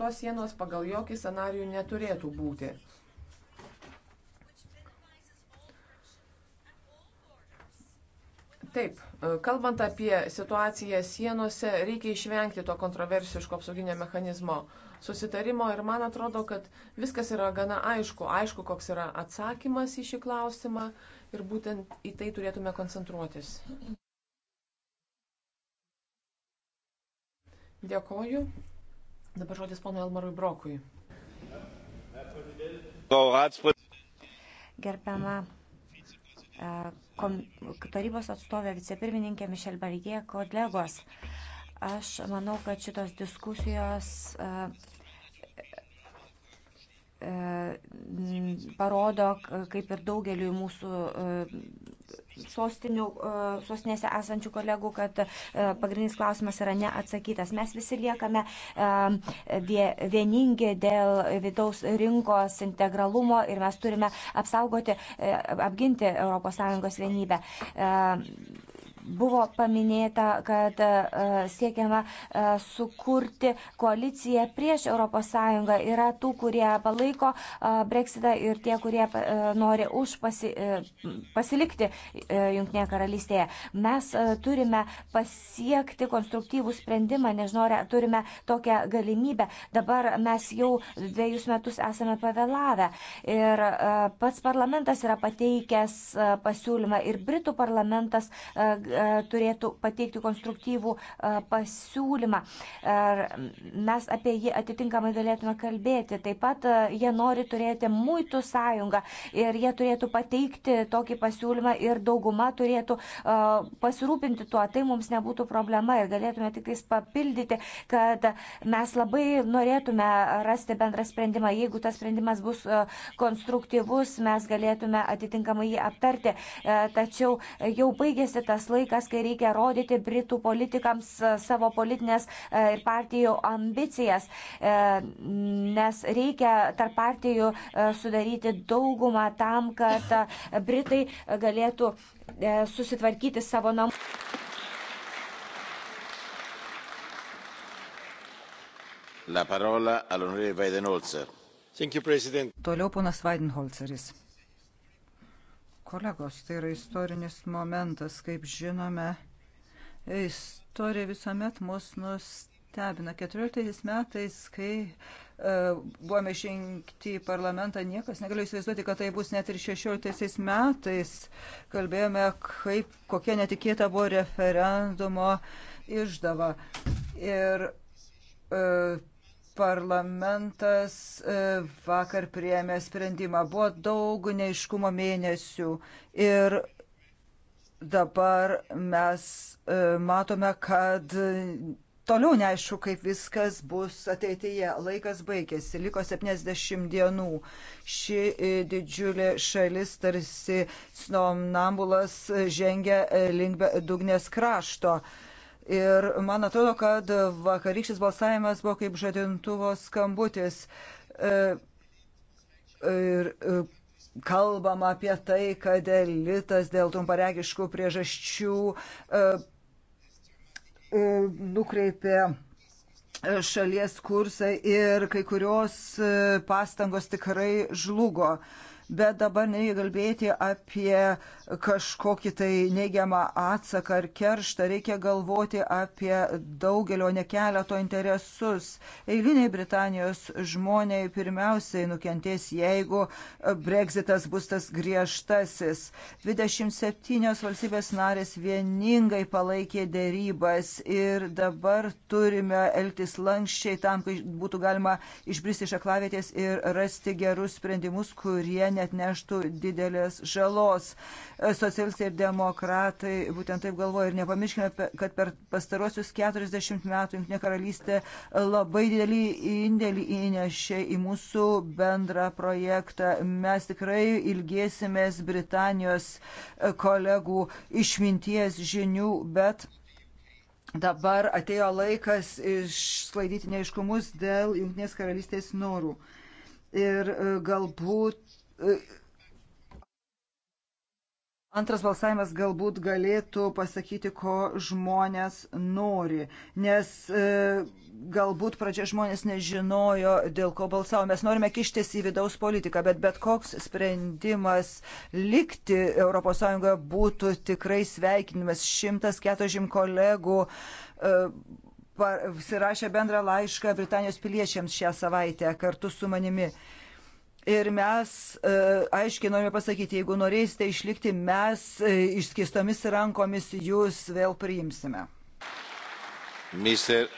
Tos sienos pagal jokį scenarių neturėtų būti. Taip, kalbant apie situaciją sienose, reikia išvengti to kontroversiško apsauginio mechanizmo susitarimo ir man atrodo, kad viskas yra gana aišku, aišku, koks yra atsakymas į šį klausimą ir būtent į tai turėtume koncentruotis. Dėkoju. Dabar žodis ponui Elmarui Brokui. Gerbiama e, tarybos atstovė vicepirmininkė Mišel Barigė, kolegos. Aš manau, kad šitos diskusijos e, e, parodo, kaip ir daugeliu mūsų sostinių, e, sostinėse esančių kolegų, kad e, pagrindinis klausimas yra neatsakytas. Mes visi liekame e, vieningi dėl vidaus rinkos integralumo ir mes turime apsaugoti, apginti ES vienybę. Buvo paminėta, kad e, siekiama e, sukurti koaliciją prieš ES. Yra tų, kurie palaiko e, Brexitą ir tie, kurie nori už pasi, pasilikti Junktinėje karalystėje. Mes turime pasiekti konstruktyvų sprendimą, nežinau, turime tokią galimybę. Dabar mes jau dviejus metus esame pavėlavę. Ir pats parlamentas yra pateikęs pasiūlymą ir Britų parlamentas E, turėtų pateikti konstruktyvų e, pasiūlymą. E, mes apie jį atitinkamai galėtume kalbėti. Taip pat jie nori turėti muitų sąjungą ir jie turėtų pateikti tokį pasiūlymą ir dauguma turėtų pasirūpinti tuo. Tai mums nebūtų problema ir galėtume tik tais papildyti, kad mes labai norėtume rasti bendrą sprendimą. Jeigu tas sprendimas bus konstruktyvus, mes galėtume atitinkamai jį aptarti. Tačiau jau baigėsi tas laikas laikas, kai reikia rodyti Britų politikams e, savo politinės e, ir partijų ambicijas, e, nes reikia tarp partijų sudaryti daugumą tam, kad Britai galėtų susitvarkyti savo namus. Toliau ponas Weidenholzeris. Kolegos, tai yra istorinis momentas, kaip žinome. Istorija visuomet mus nustebina. 14 metais, kai e, buvome išrinkti į parlamentą, niekas negaliu įsivaizduoti, kad tai bus net ir 16 metais. Kalbėjome, kaip, kokia netikėta buvo referendumo išdava. Ir e, parlamentas e, vakar priėmė sprendimą. Buvo daug neiškumo mėnesių ir dabar mes e, matome, kad toliau neaišku, kaip viskas bus ateityje. Laikas baigėsi, liko 70 dienų. Ši e, didžiulė šalis tarsi snomnambulas žengia link dugnės krašto. Ir man atrodo, kad vakarykštis balsavimas buvo kaip žadintuvo skambutis. E, e, ir e, kalbama apie tai, kad elitas dėl trumparegiškų priežasčių nukreipė šalies kursą ir kai kurios pastangos tikrai žlugo bet dabar nereikia kalbėti apie kažkokį tai neigiamą atsaką ar kerštą, reikia galvoti apie daugelio, ne keleto interesus. Eiliniai Britanijos žmoniai pirmiausiai nukentės, jeigu Brexitas bus tas griežtasis. 27 valstybės narės vieningai palaikė dėrybas ir dabar turime elgtis lankščiai tam, kad būtų galima išbristi iš aklavietės ir rasti gerus sprendimus, kurie ne net neštų didelės žalos. Socialistai ir demokratai būtent taip galvoja ir nepamirškime, kad per pastarosius 40 metų Junktinė karalystė labai didelį indėlį įnešė į mūsų bendrą projektą. Mes tikrai ilgėsimės Britanijos e, kolegų išminties žinių, bet dabar atėjo laikas išsklaidyti neiškumus dėl Junktinės karalystės norų. Ir e, galbūt Antras balsavimas galbūt galėtų pasakyti, ko žmonės nori, nes e, galbūt pradžia žmonės nežinojo, dėl ko balsavo. Mes norime kištis į vidaus politiką, bet bet koks sprendimas likti ES būtų tikrai sveikinimas. 140 kolegų e, pasirašė bendrą laišką Britanijos piliečiams šią savaitę kartu su manimi. E, Ir mes e, aiškiai norime pasakyti, jeigu norėsite išlikti, mes e, išskistomis rankomis jūs vėl priimsime. Mister,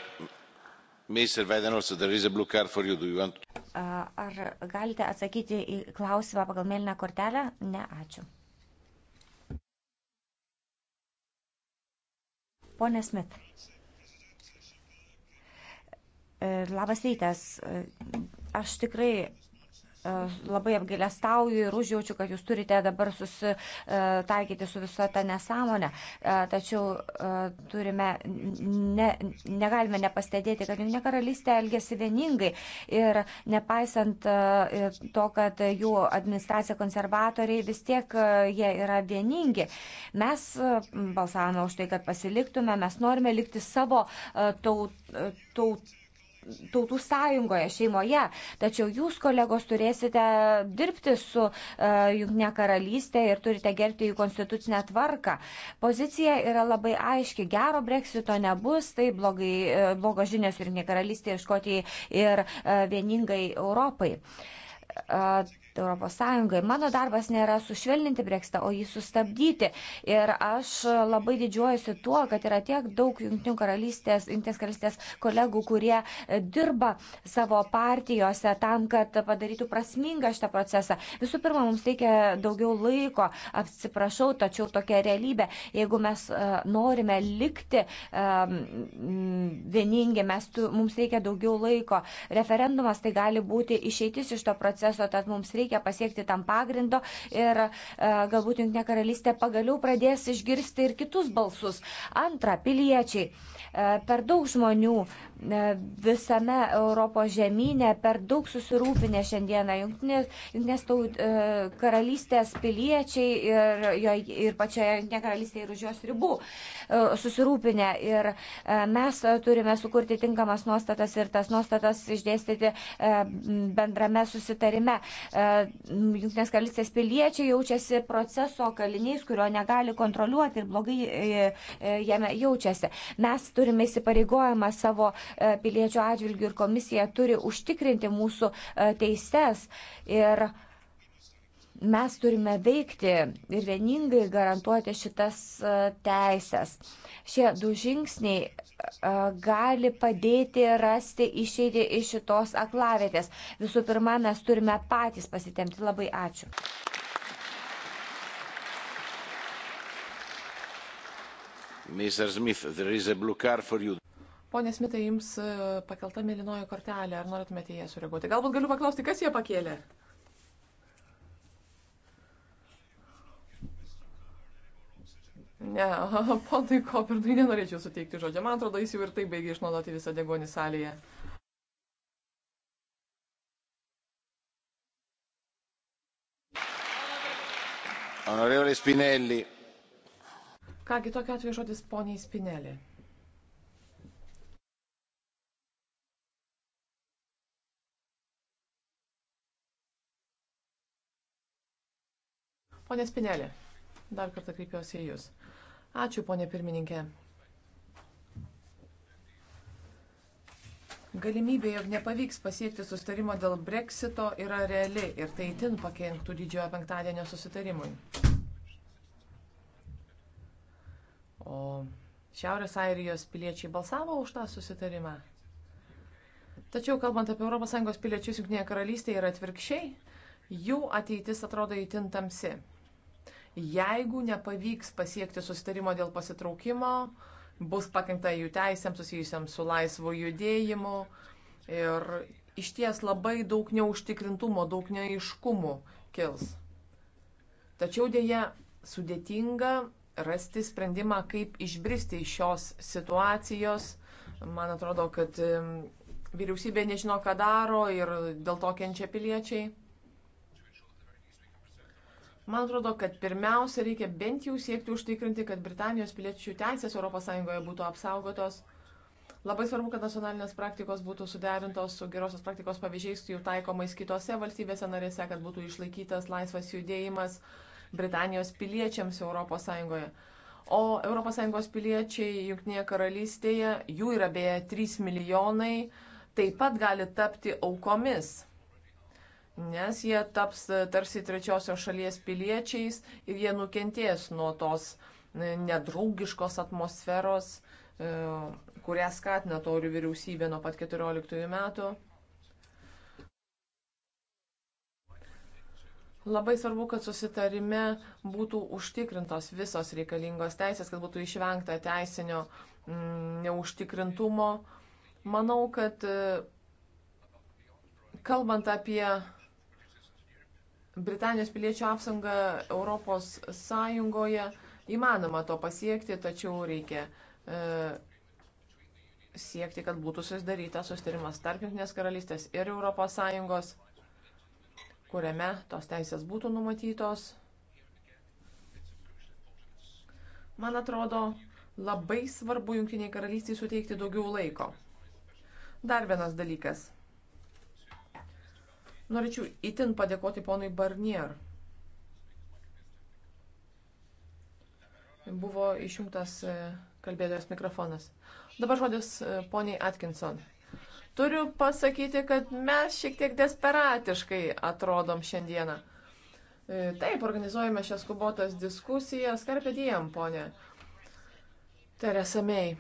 Mister Vaidenose, there is a blue card for you. Do you want? Ar galite atsakyti į klausimą pagal mėlyną kortelę? Ne, ačiū. Pone Smith. E, labas rytas. Aš tikrai labai apgailestauju ir užjaučiu, kad jūs turite dabar susitaikyti su visą tą nesąmonę. E, tačiau e, turime, ne, negalime nepastebėti, kad Junktinė karalystė elgesi vieningai ir nepaisant e, to, kad jų administracija konservatoriai vis tiek jie yra vieningi. Mes balsavome už tai, kad pasiliktume, mes norime likti savo tautų. Taut, tautų sąjungoje, šeimoje. Tačiau jūs, kolegos, turėsite dirbti su uh, e, Junkne karalystė ir turite gerti jų konstitucinę tvarką. Pozicija yra labai aiški. Gero breksito nebus, tai blogai, uh, blogos žinios Junkne karalystėje, Škotijai ir uh, vieningai Europai. Uh, Europos Sąjungai. Mano darbas nėra sušvelninti breksitą, o jį sustabdyti. Ir aš labai didžiuojuosi tuo, kad yra tiek daug Junktinės karalystės, Junktinės karalystės kolegų, kurie dirba savo partijose tam, kad padarytų prasmingą šitą procesą. Visų pirma, mums reikia daugiau laiko, atsiprašau, tačiau tokia realybė. Jeigu mes e, norime likti e, vieningi, tu, mums reikia daugiau laiko. Referendumas tai gali būti išeitis iš to proceso, tad mums reikia reikia pasiekti tam pagrindo ir e, galbūt Junktinė karalystė pagaliau pradės išgirsti ir kitus balsus. Antra, piliečiai. E, per daug žmonių E, visame Europos žemynė per daug susirūpinę šiandieną. Junktinės taut, e, karalystės piliečiai ir, jo, ir pačioje Junktinė karalystė ir už jos ribų e, susirūpinę. Ir mes turime sukurti tinkamas nuostatas ir tas nuostatas išdėstyti bendrame susitarime. Junktinės karalystės piliečiai jaučiasi proceso kaliniais, kurio negali kontroliuoti ir blogai jame jaučiasi. Mes turime įsipareigojimą savo uh, E, piliečių atžvilgių ir komisija turi užtikrinti mūsų e, teises. Ir mes turime veikti ir vieningai garantuoti šitas e, teisės. Šie du žingsniai gali padėti rasti išeidį iš šitos aklavietės. Visų pirma, mes turime patys pasitemti. Labai ačiū. Mr. Smith, there is a blue card for you. Pone Smitai, jums e, pakelta mėlynoji kortelė, ar norėtumėte ją sureaguoti? Galbūt galiu paklausti, kas ją pakėlė? Ne, ponui Kopernui nenorėčiau suteikti žodžio. Man atrodo, jis jau ir taip baigė išnaudoti visą degonį salėje. Honorevole Spinelli. Kągi, tokia atveju žodis poniai Spinelli. Pone Spinelė, dar kartą kreipiuosi į Jūs. Ačiū, ponė pirmininkė. Galimybė, jog nepavyks pasiekti sustarimo dėl breksito, yra reali ir tai itin pakenktų didžiojo penktadienio susitarimui. O Šiaurės Airijos piliečiai balsavo už tą susitarimą. Tačiau, kalbant apie ES piliečius Junktinėje karalystėje ir atvirkščiai, jų ateitis atrodo įtin tamsi. Jeigu nepavyks pasiekti susitarimo dėl pasitraukimo, bus pakengta jų teisėms susijusiams su laisvu judėjimu ir iš ties labai daug neužtikrintumo, daug neaiškumų kils. Tačiau dėja sudėtinga rasti sprendimą, kaip išbristi iš šios situacijos. Man atrodo, kad vyriausybė nežino, ką daro ir dėl to kenčia piliečiai. Man atrodo, kad pirmiausia reikia bent jau siekti užtikrinti, kad Britanijos piliečių teisės ES būtų apsaugotos. Labai svarbu, kad nacionalinės praktikos būtų suderintos su gerosios praktikos pavyzdžiais jų taikomais kitose valstybėse narėse, kad būtų išlaikytas laisvas judėjimas Britanijos piliečiams ES. O ES piliečiai Junktinėje karalystėje, jų yra beje 3 milijonai, taip pat gali tapti aukomis nes jie taps tarsi trečiosios šalies piliečiais ir jie nukentės nuo tos e, nedraugiškos atmosferos, e, kurią skatina taurių vyriausybė nuo pat 14 metų. Labai svarbu, kad susitarime būtų užtikrintos visos reikalingos teisės, kad būtų išvengta teisinio mm, neužtikrintumo. Manau, kad e, kalbant apie Britanijos piliečių apsauga Europos Sąjungoje. Įmanoma to pasiekti, tačiau reikia e, siekti, kad būtų susidarytas sustarimas tarp Junktinės karalystės ir Europos Sąjungos, kuriame tos teisės būtų numatytos. Man atrodo, labai svarbu Junktiniai karalystiai suteikti daugiau laiko. Dar vienas dalykas – Norėčiau itin padėkoti ponui Barnier. Buvo išjungtas e, kalbėtojas mikrofonas. Dabar žodis e, poniai Atkinson. Turiu pasakyti, kad mes šiek tiek desperatiškai atrodom šiandieną. E, taip, organizuojame šias skubotas diskusijas. Karpėdėjom, ponė. Teresa May.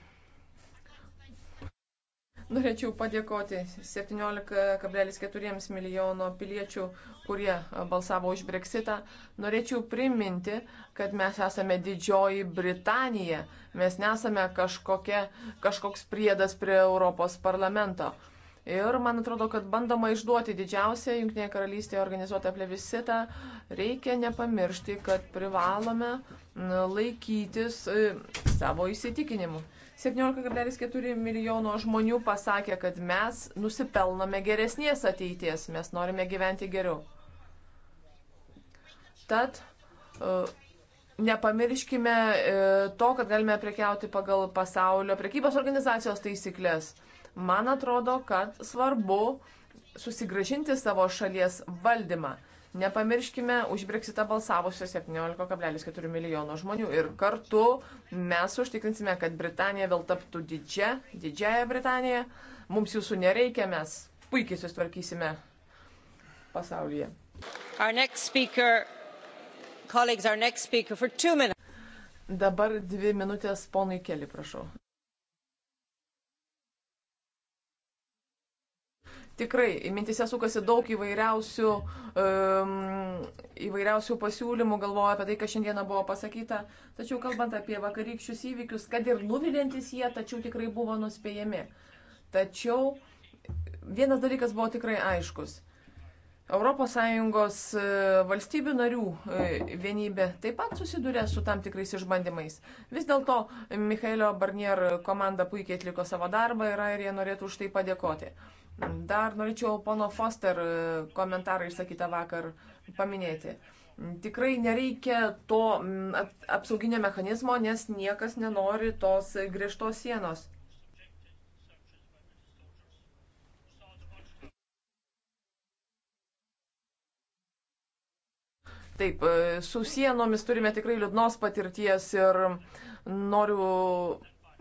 Norėčiau padėkoti 17,4 milijono piliečių, kurie balsavo už breksitą. Norėčiau priminti, kad mes esame didžioji Britanija. Mes nesame kažkokia, kažkoks priedas prie Europos parlamento. Ir man atrodo, kad bandoma išduoti didžiausią Junktinėje karalystėje organizuotą plebiscitą. Reikia nepamiršti, kad privalome laikytis e, savo įsitikinimų. 17,4 milijono žmonių pasakė, kad mes nusipelnome geresnės ateities, mes norime gyventi geriau. Tad e, nepamirškime e, to, kad galime prekiauti pagal pasaulio prekybos organizacijos taisyklės. Man atrodo, kad svarbu susigražinti savo šalies valdymą. Nepamirškime, už Brexitą balsavusio 17,4 milijono žmonių ir kartu mes užtikrinsime, kad Britanija vėl taptų didžia, didžiaja Britanija. Mums jūsų nereikia, mes puikiai susitvarkysime pasaulyje. Speaker, Dabar dvi minutės ponui Keli, prašau. Tikrai, mintise sukasi daug įvairiausių, um, įvairiausių pasiūlymų, galvoju apie tai, kas šiandieną buvo pasakyta. Tačiau kalbant apie vakarykščius įvykius, kad ir nuvilintis jie, tačiau tikrai buvo nuspėjami. Tačiau vienas dalykas buvo tikrai aiškus. ES e, valstybių narių e, vienybė taip pat susiduria su tam tikrais išbandymais. Vis dėlto Michaelio Barnier komanda puikiai atliko savo darbą ir jie norėtų už tai padėkoti. Uh, Dar norėčiau pono Foster e, komentarą išsakytą vakar paminėti. Tikrai nereikia to apsauginio mechanizmo, nes niekas nenori tos griežtos sienos. Taip, e, su sienomis turime tikrai liūdnos patirties ir noriu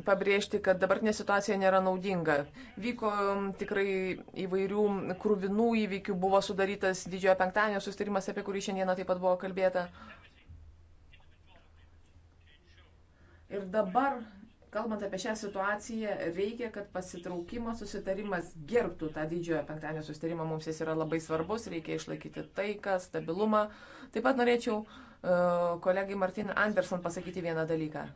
pabrėžti, kad dabartinė situacija nėra naudinga. Vyko um, tikrai įvairių krūvinų įvykių, buvo sudarytas didžiojo penktadienio sustarimas, apie kurį šiandieną taip pat buvo kalbėta. Ir dabar, kalbant apie šią situaciją, reikia, kad pasitraukimo susitarimas gerbtų tą didžiojo penktadienio sustarimą. Mums jis yra labai svarbus, reikia išlaikyti taiką, stabilumą. Taip pat norėčiau uh, kolegai Martin Anderson pasakyti vieną dalyką.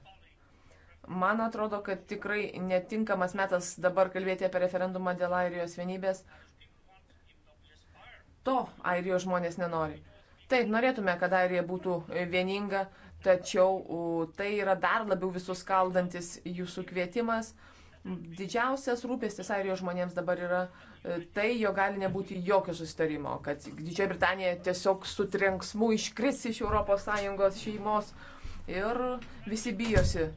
Man atrodo, kad tikrai netinkamas metas dabar kalbėti apie referendumą dėl Airijos vienybės. To Airijos žmonės nenori. Taip, norėtume, kad Airija būtų vieninga, tačiau tai yra dar labiau visus kaldantis jūsų kvietimas. Didžiausias rūpestis Airijos žmonėms dabar yra e, tai, jo gali nebūti jokio susitarimo, kad Didžioji Britanija tiesiog su trenksmu iškris iš ES šeimos ir visi bijosi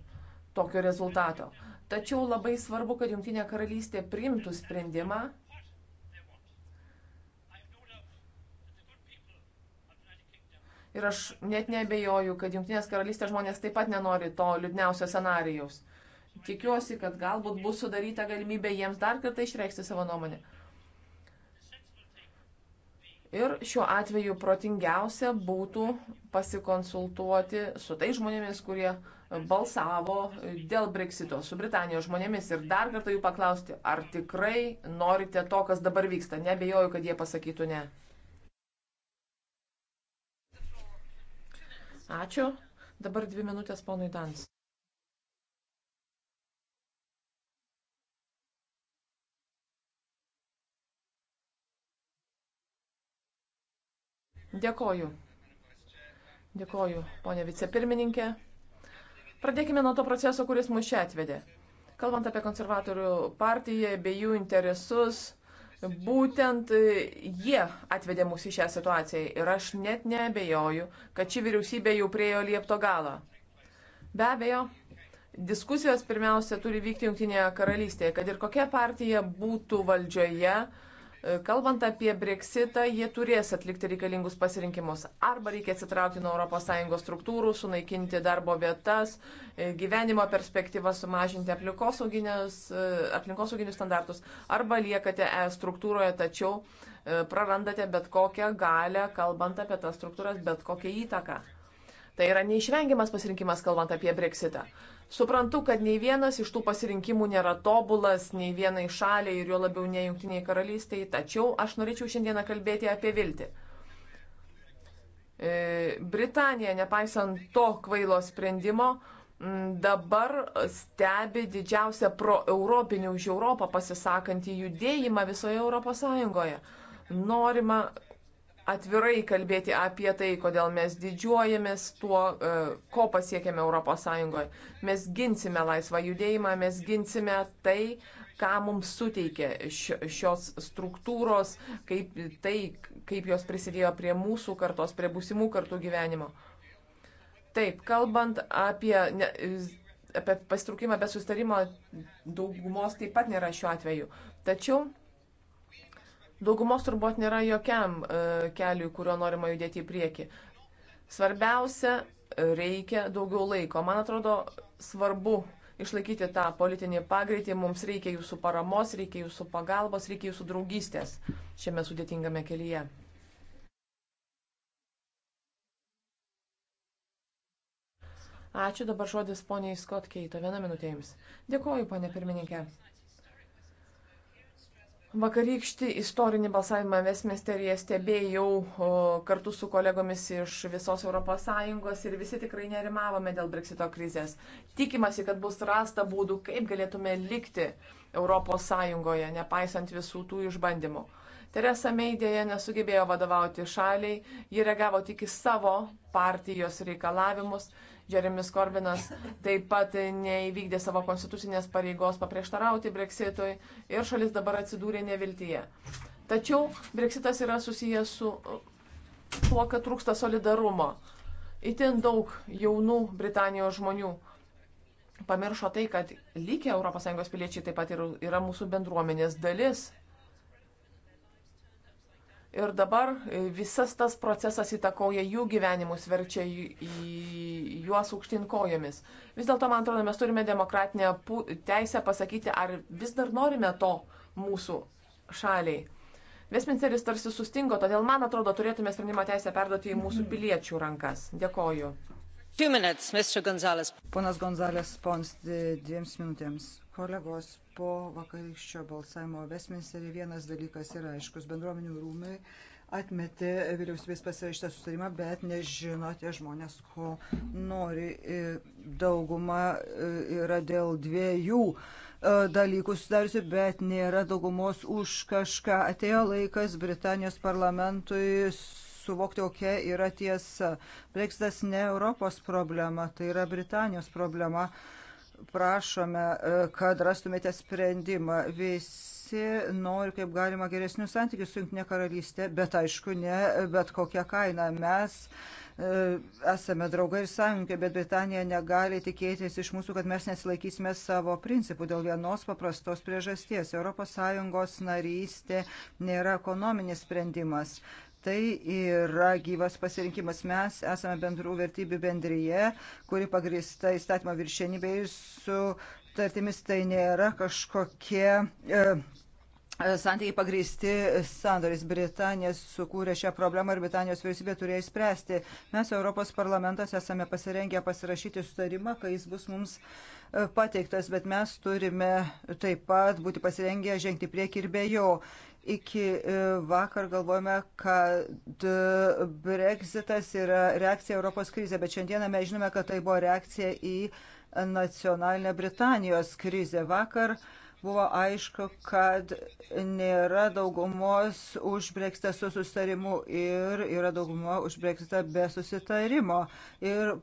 tokio rezultato. Tačiau labai svarbu, kad Junktinė karalystė priimtų sprendimą. Ir aš net nebejoju, kad Junktinės karalystės žmonės taip pat nenori to liūdniausio scenarijaus. Tikiuosi, kad galbūt bus sudaryta galimybė jiems dar kartą išreikšti savo nuomonę. Ir šiuo atveju protingiausia būtų pasikonsultuoti su tais žmonėmis, kurie balsavo dėl Brexito, su Britanijos žmonėmis ir dar kartą jų paklausti, ar tikrai norite to, kas dabar vyksta. Nebejoju, kad jie pasakytų ne. Ačiū. Dabar dvi minutės ponui Dans. Dėkoju. Dėkoju, ponė vicepirmininkė. Pradėkime nuo to proceso, kuris mus čia atvedė. Kalbant apie konservatorių partiją bei jų interesus, būtent jie atvedė mus į šią situaciją ir aš net neabejoju, kad ši vyriausybė jau priejo liepto galą. Be abejo, diskusijos pirmiausia turi vykti Junktinėje karalystėje, kad ir kokia partija būtų valdžioje, uh, E, kalbant apie breksitą, jie turės atlikti reikalingus pasirinkimus. Arba reikia atsitraukti nuo ES struktūrų, sunaikinti darbo vietas, e, gyvenimo perspektyvą sumažinti aplinkosauginius, e, aplinkosauginius standartus, arba liekate ES struktūroje, tačiau prarandate bet kokią galę, kalbant apie tas struktūras, bet kokią įtaką. Tai yra neišvengiamas pasirinkimas, kalbant apie breksitą. Suprantu, kad nei vienas iš tų pasirinkimų nėra tobulas, nei vienai šaliai ir jo labiau ne jungtiniai karalystiai, tačiau aš norėčiau šiandieną kalbėti apie viltį. E, Britanija, nepaisant to kvailo sprendimo, dabar stebi didžiausią proeuropinį už Europą pasisakantį judėjimą visoje Europos Sąjungoje. Norima, atvirai kalbėti apie tai, kodėl mes didžiuojamės tuo, e, ko pasiekėme ES. Mes ginsime laisvą judėjimą, mes ginsime tai, ką mums suteikė šios struktūros, kaip, tai, kaip jos prisidėjo prie mūsų kartos, prie būsimų kartų gyvenimo. Taip, kalbant apie, ne, apie pasitraukimą be sustarimo, daugumos taip pat nėra šiuo atveju. Tačiau Daugumos turbūt nėra jokiam e, keliui, kurio norima judėti į priekį. Svarbiausia, reikia daugiau laiko. Man atrodo, svarbu išlaikyti tą politinį pagreitį. Mums reikia jūsų paramos, reikia jūsų pagalbos, reikia jūsų draugystės šiame sudėtingame kelyje. Ačiū dabar žodis poniai Scott Keito. Vieną minutę jums. Dėkuoju, ponė pirmininkė. Vakarykštį istorinį balsavimą Vesmesterėje stebėjau kartu su kolegomis iš visos ES ir visi tikrai nerimavome dėl Brexito krizės. Tikimasi, kad bus rasta būdų, kaip galėtume likti ES, nepaisant visų tų išbandymų. Teresa May dėja nesugebėjo vadovauti šaliai, ji reagavo tik į savo partijos reikalavimus Jeremis Korbinas taip pat neįvykdė savo konstitucinės pareigos paprieštarauti breksitui ir šalis dabar atsidūrė neviltyje. Tačiau breksitas yra susijęs su uh, tuo, kad trūksta solidarumo. Itin daug jaunų Britanijos žmonių pamiršo tai, kad lygiai ES piliečiai taip pat yra mūsų bendruomenės dalis. Ir dabar visas tas procesas įtakoja jų gyvenimus, verčia į juos aukštin kojomis. Vis dėlto, man atrodo, mes turime demokratinę teisę pasakyti, ar vis dar norime to mūsų šaliai. Vesminceris tarsi sustingo, todėl, man atrodo, turėtume sprendimo teisę perduoti į mūsų piliečių rankas. Dėkoju. Minutes, Gonzales. Ponas Gonzalės Pons, dviems minutėms. Kolegos, po vakarykščio balsavimo Vesminsterį vienas dalykas yra aiškus. Bendruomenių rūmai atmetė vyriausybės pasirašytą sustarimą, bet nežino tie žmonės, ko nori. E, dauguma e, yra dėl dviejų e, dalykų sudariusi, bet nėra daugumos už kažką. Atėjo laikas Britanijos parlamentui suvokti, kokia yra tiesa. Brexitas ne Europos problema, tai yra Britanijos problema. Prašome, kad rastumėte sprendimą. Visi frakcija nori kaip galima geresnius santykius su Junktinė karalystė, bet aišku, ne bet kokią kainą. Mes e, esame draugai ir sąjungininkai, bet Britanija negali tikėtis iš mūsų, kad mes nesilaikysime savo principų dėl vienos paprastos priežasties. ES narystė nėra ekonominis sprendimas tai yra gyvas pasirinkimas. Mes esame bendrų vertybių bendryje, kuri pagrįsta įstatymo viršenybė ir su sutartimis tai nėra kažkokie e, e santykiai pagrįsti sandoris. Britanija sukūrė šią problemą ir Britanijos vyriausybė turėjo įspręsti. Mes Europos parlamentas esame pasirengę pasirašyti sutarimą, kai jis bus mums e, pateiktas, bet mes turime taip pat būti pasirengę žengti priekį ir be jo. Iki e, vakar galvojame, kad Brexitas yra reakcija Europos krizė, bet šiandieną mes žinome, kad tai buvo reakcija į nacionalinę Britanijos krizę. Vakar buvo aišku, kad nėra daugumos užbreksta su susitarimu ir yra dauguma užbreksta be susitarimo. Ir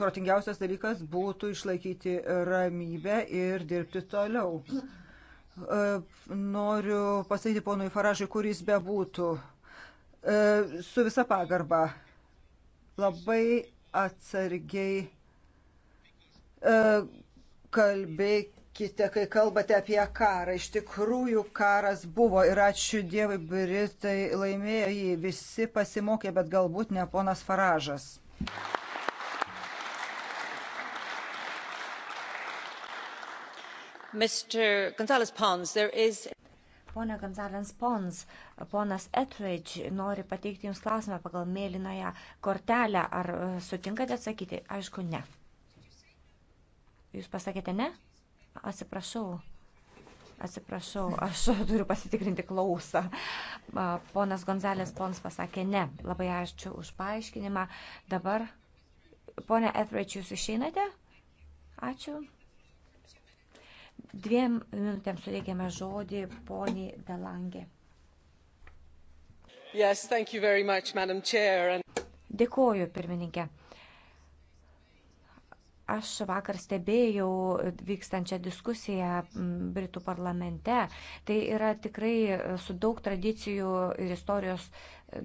protingiausias dalykas būtų išlaikyti ramybę ir dirbti toliau. E, noriu pasakyti ponui Faražui, kuris bebūtų, e, su visa pagarba, labai atsargiai E, kalbėkite, kai kalbate apie karą. Iš tikrųjų, karas buvo ir ačiū Dievui, Britai laimėjo jį, visi pasimokė, bet galbūt ne ponas Faražas. Mr. Gonzalez Pons, there is Pone Gonzalens Pons, ponas Etridge nori pateikti Jums klausimą pagal mėlynąją kortelę. Ar e, sutinkate atsakyti? Aišku, ne. Jūs pasakėte ne? Atsiprašau. Atsiprašau, aš turiu pasitikrinti klausą. Ponas Gonzalės Pons pasakė ne. Labai ačiū už paaiškinimą. Dabar, ponė Etheridge, jūs išeinate? Ačiū. Dviem minutėms suteikėme žodį poniai Delangė. Yes, much, and... Dėkoju, pirmininkė. Aš vakar stebėjau vykstančią diskusiją Britų parlamente. Tai yra tikrai su daug tradicijų ir istorijos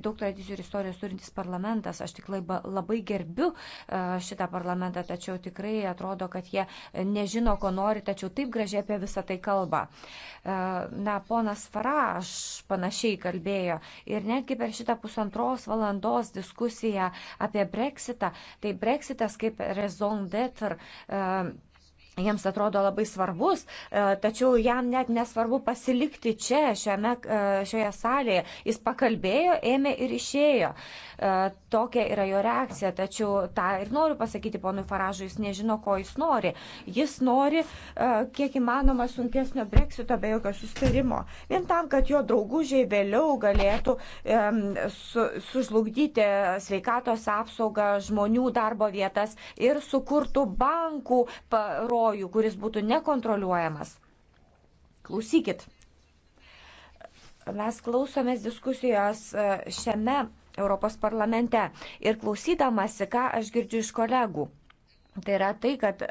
daug tradicijų ir istorijos turintis parlamentas. Aš tikrai labai gerbiu e, šitą parlamentą, tačiau tikrai atrodo, kad jie nežino, ko nori, tačiau taip gražiai apie visą tai kalba. E, na, ponas Faraš panašiai kalbėjo ir netgi per šitą pusantros valandos diskusiją apie Brexitą, tai Brexitas kaip raison d'être e, jiems atrodo labai svarbus, e, tačiau jam net nesvarbu pasilikti čia, šiame, e, šioje salėje. Jis pakalbėjo, ėmė ir išėjo. E, tokia yra jo reakcija, tačiau tą ir noriu pasakyti ponui Faražui, jis nežino, ko jis nori. Jis nori kiek įmanoma sunkesnio breksito be jokio sustarimo. Vien tam, kad jo draugužiai vėliau galėtų su, sužlugdyti sveikatos apsaugą, žmonių darbo vietas ir sukurtų bankų parodymą pavojų, kuris būtų nekontroliuojamas. Klausykit. Mes klausomės diskusijos e, šiame Europos parlamente ir klausydamasi, ką aš girdžiu iš kolegų. Tai yra tai, kad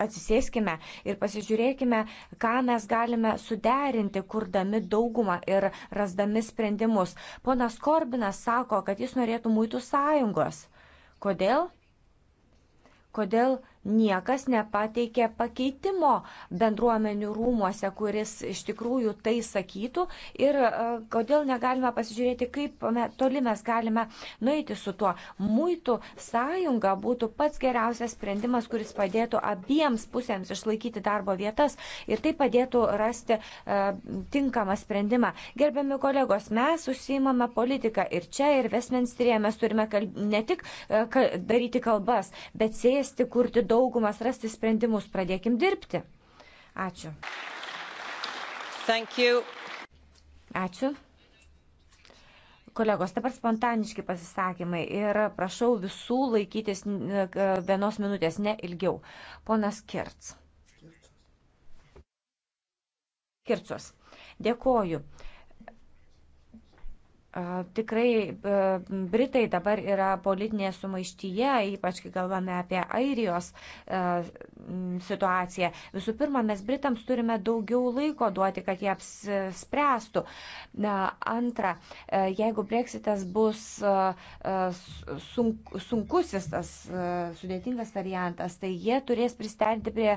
atsisėskime ir pasižiūrėkime, ką mes galime suderinti, kurdami daugumą ir rasdami sprendimus. Ponas Korbinas sako, kad jis norėtų muitų sąjungos. Kodėl? Kodėl? niekas nepateikė pakeitimo bendruomenių rūmuose, kuris iš tikrųjų tai sakytų ir e, kodėl negalime pasižiūrėti, kaip toli mes galime nueiti su tuo. Muitų sąjunga būtų pats geriausias sprendimas, kuris padėtų abiems pusėms išlaikyti darbo vietas ir tai padėtų rasti e, tinkamą sprendimą. Gerbiami kolegos, mes užsiimame politiką ir čia, ir Vesminstrėje mes turime kalb... ne tik e, daryti kalbas, bet sėsti, kurti daug daugumas rasti sprendimus. Pradėkim dirbti. Ačiū. Ačiū. Kolegos, dabar spontaniški pasisakymai ir prašau visų laikytis e, vienos minutės, ne ilgiau. Ponas Kirts. Kirtsos. Dėkoju. Tikrai Britai dabar yra politinė sumaištyje, ypač kai galvame apie Airijos situaciją. Visų pirma, mes Britams turime daugiau laiko duoti, kad jie apspręstų. Antra, jeigu Brexitas bus sunk, sunkusis, tas sudėtingas variantas, tai jie turės pristenti prie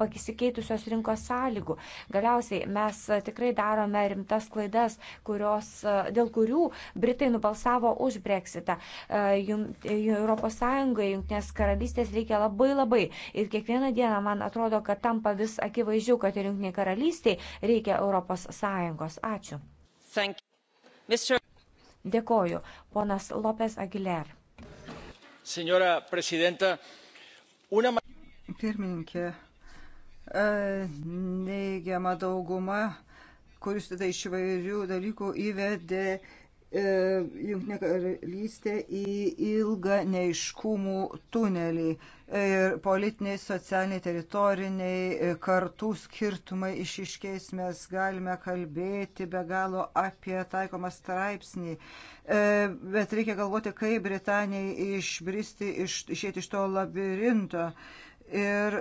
pakisikeitusios rinkos sąlygų. Galiausiai mes tikrai darome rimtas klaidas, kurios, dėl kurių narių Britai nubalsavo už Brexitą. E, e, Europos Sąjungai, Junktinės karalystės reikia labai labai. Ir kiekvieną dieną man atrodo, kad tampa vis akivaizdžiau, kad ir Junktiniai karalystiai reikia Europos Sąjungos. Ačiū. Mr... Dėkoju. Ponas Lopes Aguiler. Senora prezidenta, una. Pirmininkė, e, neigiama dauguma, kuris tada iš įvairių dalykų įvedė E, Junktinė karalystė į ilgą neiškumų tunelį. Ir e, politiniai, socialiniai, teritoriniai e, kartų skirtumai išiškės mes galime kalbėti be galo apie taikomą straipsnį. Bet reikia galvoti, kaip Britanijai išbristi, iš, išėti iš to labirinto. Ir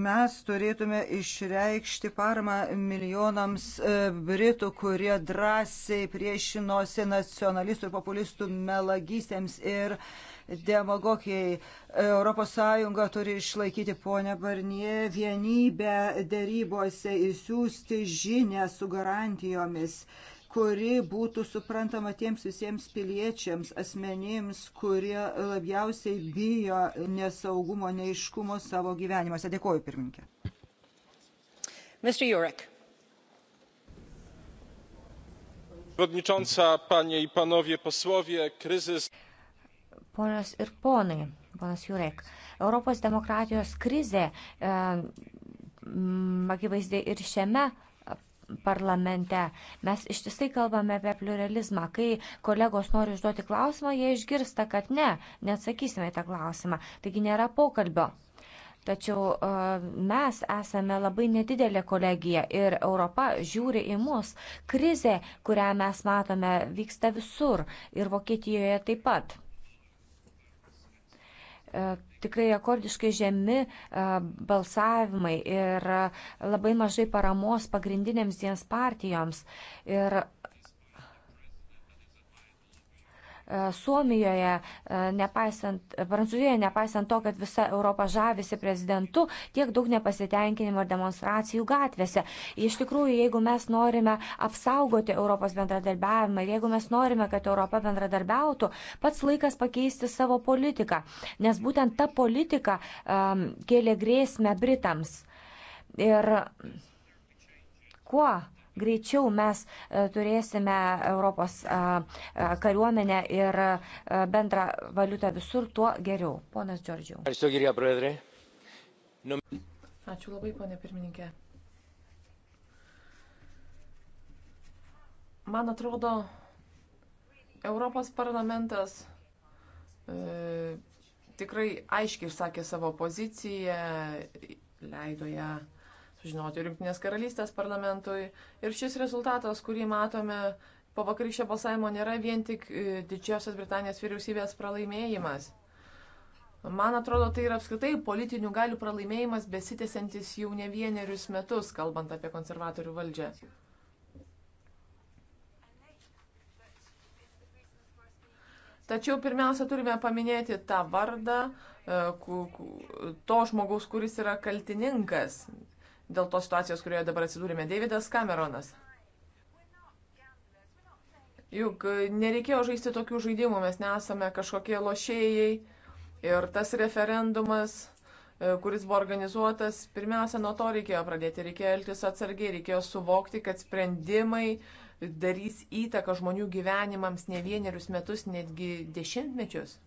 mes turėtume išreikšti paramą milijonams e, Britų, kurie drąsiai priešinosi nacionalistų ir populistų melagystėms ir demagogijai. ES turi išlaikyti ponę Barnie vienybę dėrybose ir siūsti žinę su garantijomis. Uh, kuri būtų suprantama tiems visiems piliečiams, asmenims, kurie labiausiai bijo nesaugumo, neiškumo savo gyvenimuose. Dėkuoju, pirmininkė. Przewodnicząca, panie i panowie posłowie, kryzys. Ponas ir ponai, ponas Jurek, Europos demokratijos krizė e, m, akivaizdi ir šiame parlamente. Mes ištisai kalbame apie pluralizmą. Kai kolegos nori užduoti klausimą, jie išgirsta, kad ne, neatsakysime į tą klausimą. Taigi nėra pokalbio. Tačiau e, mes esame labai nedidelė kolegija ir Europa žiūri į mus. Krize, kurią mes matome, vyksta visur ir Vokietijoje taip pat. E, tikrai rekordiškai žemi e, balsavimai ir e, labai mažai paramos pagrindinėms dviems partijoms. Ir E, Suomijoje, e, nepaisant, Prancūzijoje, nepaisant to, kad visa Europa žavisi prezidentu, tiek daug nepasitenkinimo ir demonstracijų gatvėse. Iš tikrųjų, jeigu mes norime apsaugoti Europos bendradarbiavimą ir jeigu mes norime, kad Europa bendradarbiautų, pats laikas pakeisti savo politiką, nes būtent ta politika um, kėlė grėsmę Britams. Ir kuo greičiau mes e, turėsime Europos e, e, kariuomenę ir bendrą valiutą visur, tuo geriau. Ponas Džordžiau. Ačiū labai, ponė pirmininkė. Man atrodo, Europos parlamentas e, tikrai aiškiai išsakė savo poziciją, leido ją e, sužinoti ir Junktinės karalystės parlamentui. Ir šis rezultatas, kurį matome po vakarykščio balsavimo, nėra vien tik e, Didžiosios Britanijos vyriausybės pralaimėjimas. Man atrodo, tai yra apskritai politinių galių pralaimėjimas besitėsiantis jau ne vienerius metus, kalbant apie konservatorių valdžią. Tačiau pirmiausia, turime paminėti tą vardą e, to žmogaus, kuris yra kaltininkas dėl tos situacijos, kurioje dabar atsidūrėme. Davidas Cameronas. Juk e, nereikėjo žaisti tokių žaidimų, mes nesame kažkokie lošėjai. Ir tas referendumas, e, kuris buvo organizuotas, pirmiausia, nuo to reikėjo pradėti. Reikėjo elgtis atsargiai, reikėjo suvokti, kad sprendimai darys įtaką žmonių gyvenimams ne vienerius metus, netgi dešimtmečius.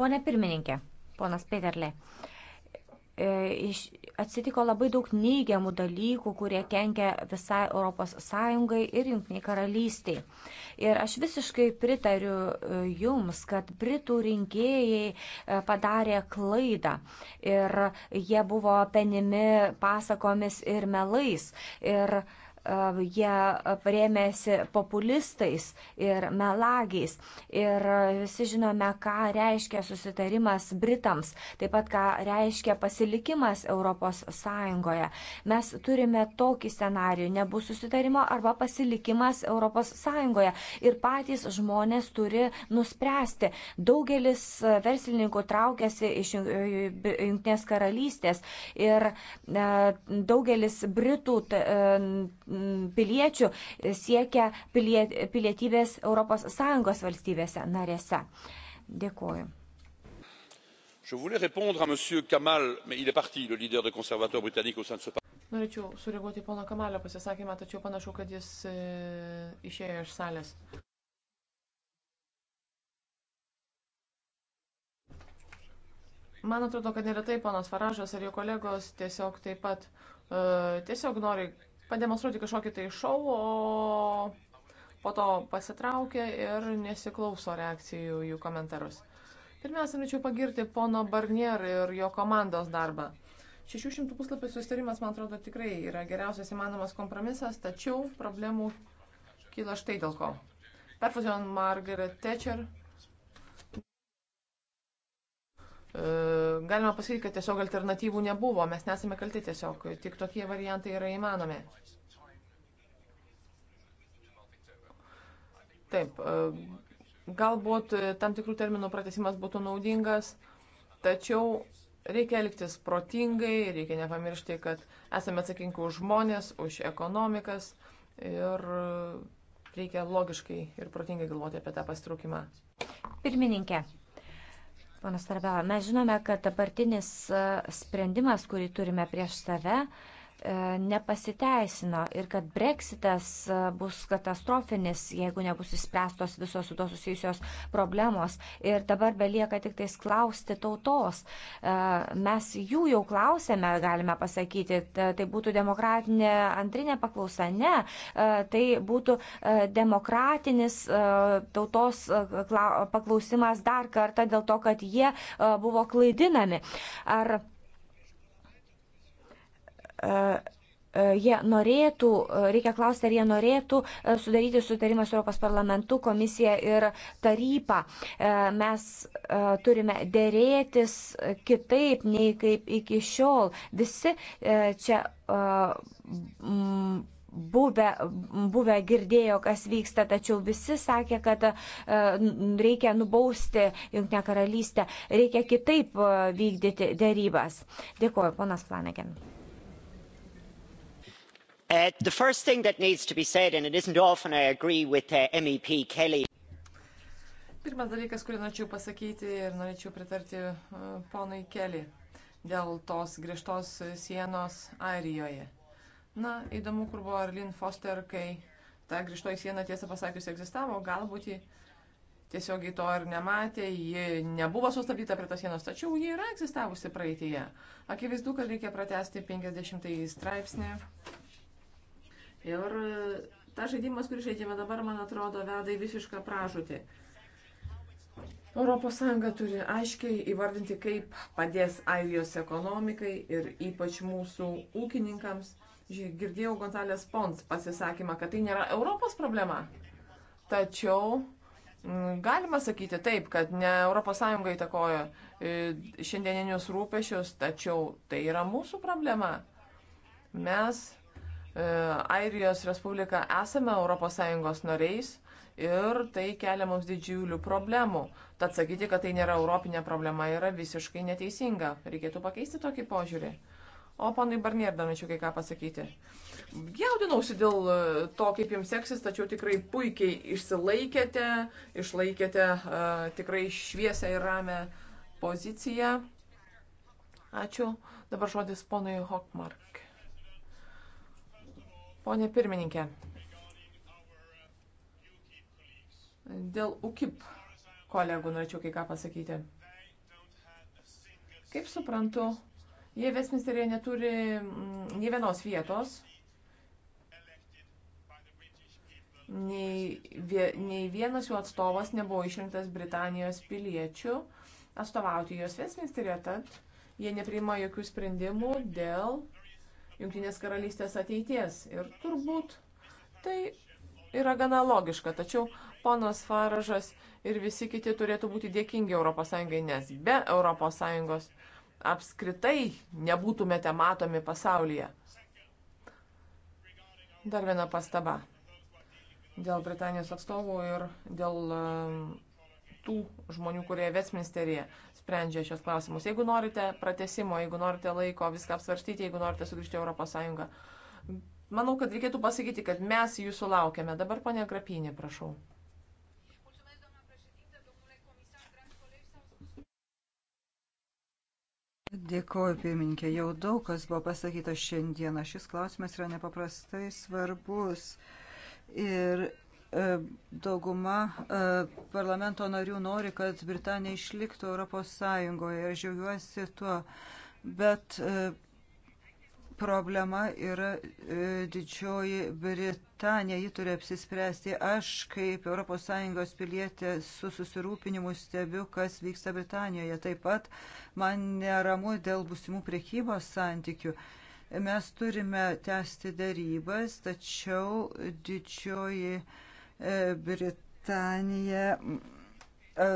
Pone pirmininkė, ponas Peterle, iš, atsitiko labai daug neigiamų dalykų, kurie kenkia visai ES ir Junktiniai karalystiai. Ir aš visiškai pritariu e, Jums, kad Britų rinkėjai e, padarė klaidą ir jie buvo penimi pasakomis ir melais. Ir, uh, Uh, jie uh, rėmėsi populistais ir melagiais. Ir uh, visi žinome, ką reiškia susitarimas Britams, taip pat ką reiškia pasilikimas ES. Mes turime tokį scenarių, nebus susitarimo arba pasilikimas ES. Ir patys žmonės turi nuspręsti. Daugelis verslininkų traukiasi iš Junktinės karalystės ir daugelis Britų piliečių siekia pilietybės ES valstybėse narėse. Dėkuoju. Je voulais répondre à M. Kamal, mais il est parti, le leader des conservateurs britanniques au sein de ce parti. Norėčiau sureaguoti į pono Kamalio pasisakymą, tačiau panašu, kad jis e, išėjo iš salės. Man atrodo, kad neretai ponas Faražas ar jo kolegos tiesiog taip pat e, tiesiog nori pademonstruoti kažkokį tai šau, o po to pasitraukia ir nesiklauso reakcijų jų komentarus. Pirmiausia, norėčiau pagirti pono Barnier ir jo komandos darbą. 600 puslapių susitarimas, man atrodo, tikrai yra geriausias įmanomas kompromisas, tačiau problemų kyla štai dėl ko. Perfuzijos Margaret Thatcher E, galima pasakyti, kad tiesiog alternatyvų nebuvo, mes nesame kalti tiesiog, tik tokie variantai yra įmanomi. Taip, e, galbūt tam tikrų terminų pratesimas būtų naudingas, tačiau reikia elgtis protingai, reikia nepamiršti, kad esame atsakingi už žmonės, už ekonomikas ir reikia logiškai ir protingai galvoti apie tą pastraukimą. Pirmininkė, Panas Tarbela, mes žinome, kad dabartinis sprendimas, kurį turime prieš save, uh, E, nepasiteisino ir kad breksitas e, bus katastrofinis, jeigu nebus įspręstos visos su to susijusios problemos. Ir dabar belieka tik tais klausti tautos. E, mes jų jau klausėme, galime pasakyti, tai būtų demokratinė antrinė paklausa. Ne, tai būtų demokratinis tautos paklausimas dar kartą dėl to, kad jie buvo klaidinami. Ar E, jie norėtų, e, reikia klausti, ar jie norėtų e, sudaryti sutarimą su Europos parlamentu, komisija ir taryba. Mes turime dėrėtis kitaip nei kaip iki šiol. Visi čia buvę, buvę girdėjo, kas vyksta, tačiau visi sakė, kad reikia nubausti Junktinę karalystę, reikia kitaip vykdyti dėrybas. Dėkuoju, ponas Flanagan. Uh, the first thing that needs to be said and it isn't often i agree with uh, mep kelly Pirmas dalykas, kurį norėčiau pasakyti ir norėčiau pritarti uh, ponui Kelly dėl tos griežtos sienos Airijoje. Na, įdomu, kur buvo Arlin Foster, kai ta griežtoji siena tiesą pasakius egzistavo, galbūt ji tiesiogiai to ir nematė, ji nebuvo sustabdyta prie tos sienos, tačiau ji yra egzistavusi praeitėje. Akivaizdu, kad reikia pratesti 50 straipsnį Ir e, tas žaidimas, kurį žaidžiame dabar, man atrodo, veda į visišką pražūtį. ES turi aiškiai įvardinti, kaip padės Airijos ekonomikai ir ypač mūsų ūkininkams. Girdėjau Gonzalės Pons pasisakymą, kad tai nėra Europos problema. Tačiau galima sakyti taip, kad ne ES įtakoja e, šiandieninius rūpešius, tačiau tai yra mūsų problema. Mes E, Airijos Respubliką esame ES nariais ir tai kelia mums didžiulių problemų. Tad sakyti, kad tai nėra europinė problema, yra visiškai neteisinga. Reikėtų pakeisti tokį požiūrį. O panui Barnier dar norėčiau kai ką pasakyti. Jaudinausi dėl e, to, kaip jums seksis, tačiau tikrai puikiai išsilaikėte, išlaikėte uh, tikrai šviesę ir ramę poziciją. Ačiū. Dabar žodis ponui Hokmark. Pone pirmininkė, dėl UKIP kolegų norėčiau kai ką pasakyti. Kaip suprantu, jie Vesminsterėje neturi mm, nei vienos vietos, nei, nei vienas jų atstovas nebuvo išrinktas Britanijos piliečių atstovauti jos Vesminsterėje, tad jie nepriima jokių sprendimų dėl Junktinės karalystės ateities. Ir turbūt tai yra gana logiška, tačiau ponas Faražas ir visi kiti turėtų būti dėkingi ES, nes be ES apskritai nebūtumėte matomi pasaulyje. Dar viena pastaba dėl Britanijos atstovų ir dėl tų žmonių, kurie Vestminsteryje sprendžia šios klausimus. Jeigu norite pratesimo, jeigu norite laiko viską apsvarstyti, jeigu norite sugrįžti į Europos Sąjungą, manau, kad reikėtų pasakyti, kad mes jūsų laukiame. Dabar ponia Grapinė, prašau. Dėkoju, pirmininkė. Jau daug kas buvo pasakyta šiandieną. Šis klausimas yra nepaprastai svarbus. Ir E, dauguma e, parlamento narių nori, kad Britanija išliktų Europos Sąjungoje. Aš žiaugiuosi tuo, bet e, problema yra didžioji Britanija. Ji turi apsispręsti. Aš kaip ES pilietė su susirūpinimu stebiu, kas vyksta Britanijoje. Taip pat man neramu dėl busimų priekybos santykių mes turime tęsti darybas, tačiau didžioji E, Britanija e,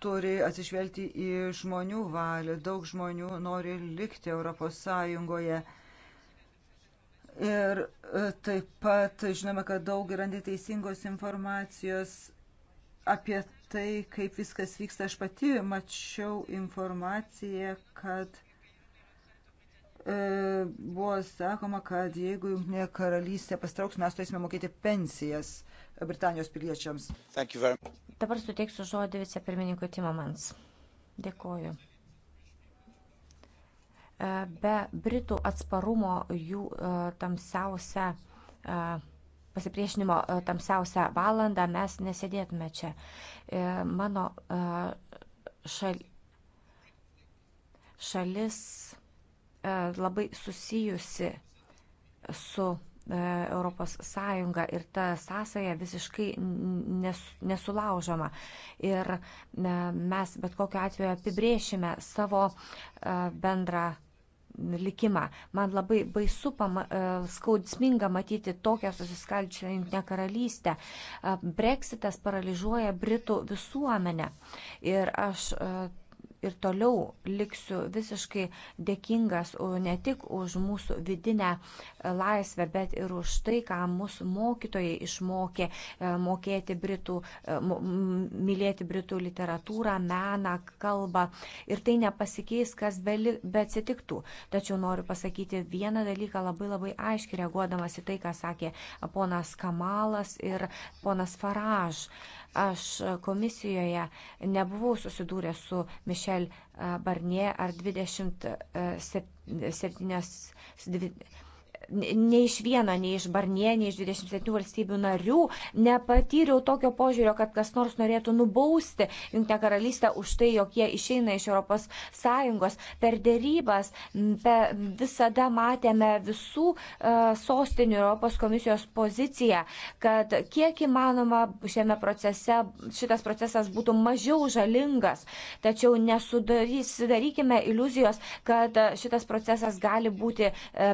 turi atsižvelgti į žmonių valią. Daug žmonių nori likti Europos Sąjungoje. Ir e, taip pat žinome, kad daug yra neteisingos informacijos apie tai, kaip viskas vyksta. Aš pati mačiau informaciją, kad e, buvo sakoma, kad jeigu Junktinė karalystė pastrauks, mes turėsime mokėti pensijas Britanijos piliečiams. Dabar suteiksiu žodį vicepirmininkui Timomans. Dėkoju. E, be Britų atsparumo jų e, tamsiausia e, pasipriešinimo tamsiausią valandą mes nesėdėtume čia. Mano šal, šalis labai susijusi su E, Europos Sąjunga ir ta sąsaja visiškai nes, nesulaužoma. Ir e, mes bet kokiu atveju apibrėšime savo e, bendrą likimą. Man labai baisu, pama, skausminga matyti tokią susiskaldžią jungtinę karalystę. Brexitas paralyžiuoja Britų visuomenę. Ir aš ir toliau liksiu visiškai dėkingas ne tik už mūsų vidinę e, laisvę, bet ir už tai, ką mūsų mokytojai išmokė e, mokėti Britų, e, mylėti Britų literatūrą, meną, kalbą. Ir tai nepasikeis, kas be atsitiktų. Tačiau noriu pasakyti vieną dalyką labai labai aiškiai reaguodamas į tai, ką sakė ponas Kamalas ir ponas Faraž. Aš komisijoje nebuvau susidūręs su Mišel. Mišel Barnie ar 27 nei iš vieno, nei iš Barnie, nei iš 27 valstybių narių nepatyriau tokio požiūrio, kad kas nors norėtų nubausti Junktinę karalystę už tai, jog jie išeina iš ES. Per dėrybas per visada matėme visų e, sostinių Europos komisijos poziciją, kad kiek įmanoma šiame procese šitas procesas būtų mažiau žalingas. Tačiau nesudarykime iliuzijos, kad šitas procesas gali būti e,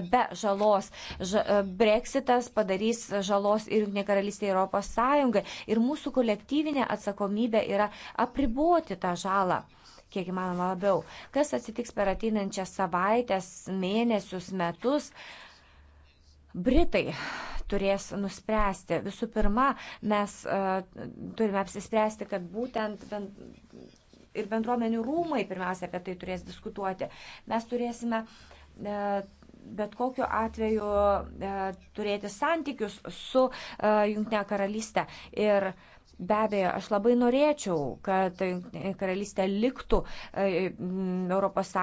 be žalos nes Brexitas padarys žalos ir Junktinė karalystė Europos Sąjungai. Ir mūsų kolektyvinė atsakomybė yra apriboti tą žalą kiek įmanoma labiau. Kas atsitiks per ateinančias savaitės, mėnesius, metus? Britai turės nuspręsti. Visų pirma, mes uh, turime apsispręsti, kad būtent bent, ir bendruomenių rūmai pirmiausia apie tai turės diskutuoti. Mes turėsime uh, bet kokiu atveju e, turėti santykius su e, Junktinė karalystė. Ir Be abejo, aš labai norėčiau, kad karalystė liktų ES,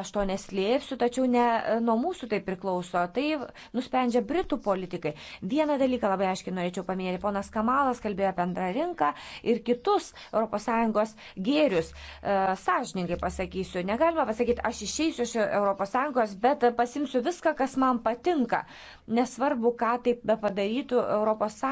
aš to neslėpsiu, tačiau ne e, nuo mūsų tai priklauso, tai nusprendžia Britų politikai. Vieną dalyką labai aiškiai norėčiau paminėti, ponas Kamalas kalbėjo apie antrą rinką ir kitus ES gėrius. E, Sąžininkai pasakysiu, negalima pasakyti, aš išeisiu iš ES, bet pasimsiu viską, kas man patinka. Nesvarbu, ką taip be padarytų ES.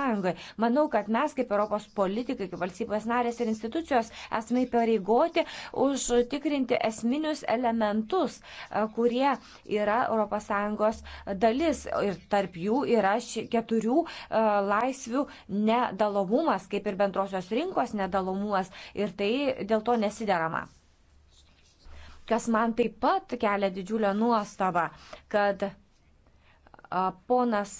Manau, kad mes kaip Europos politikai, kaip valstybės narės ir institucijos esame įpareigoti užtikrinti esminius elementus, e, kurie yra ES dalis. Ir tarp jų yra keturių e, laisvių nedalomumas, kaip ir bendrosios rinkos nedalomumas. Ir tai dėl to nesiderama kas man taip pat kelia didžiulę nuostabą, kad a, e, ponas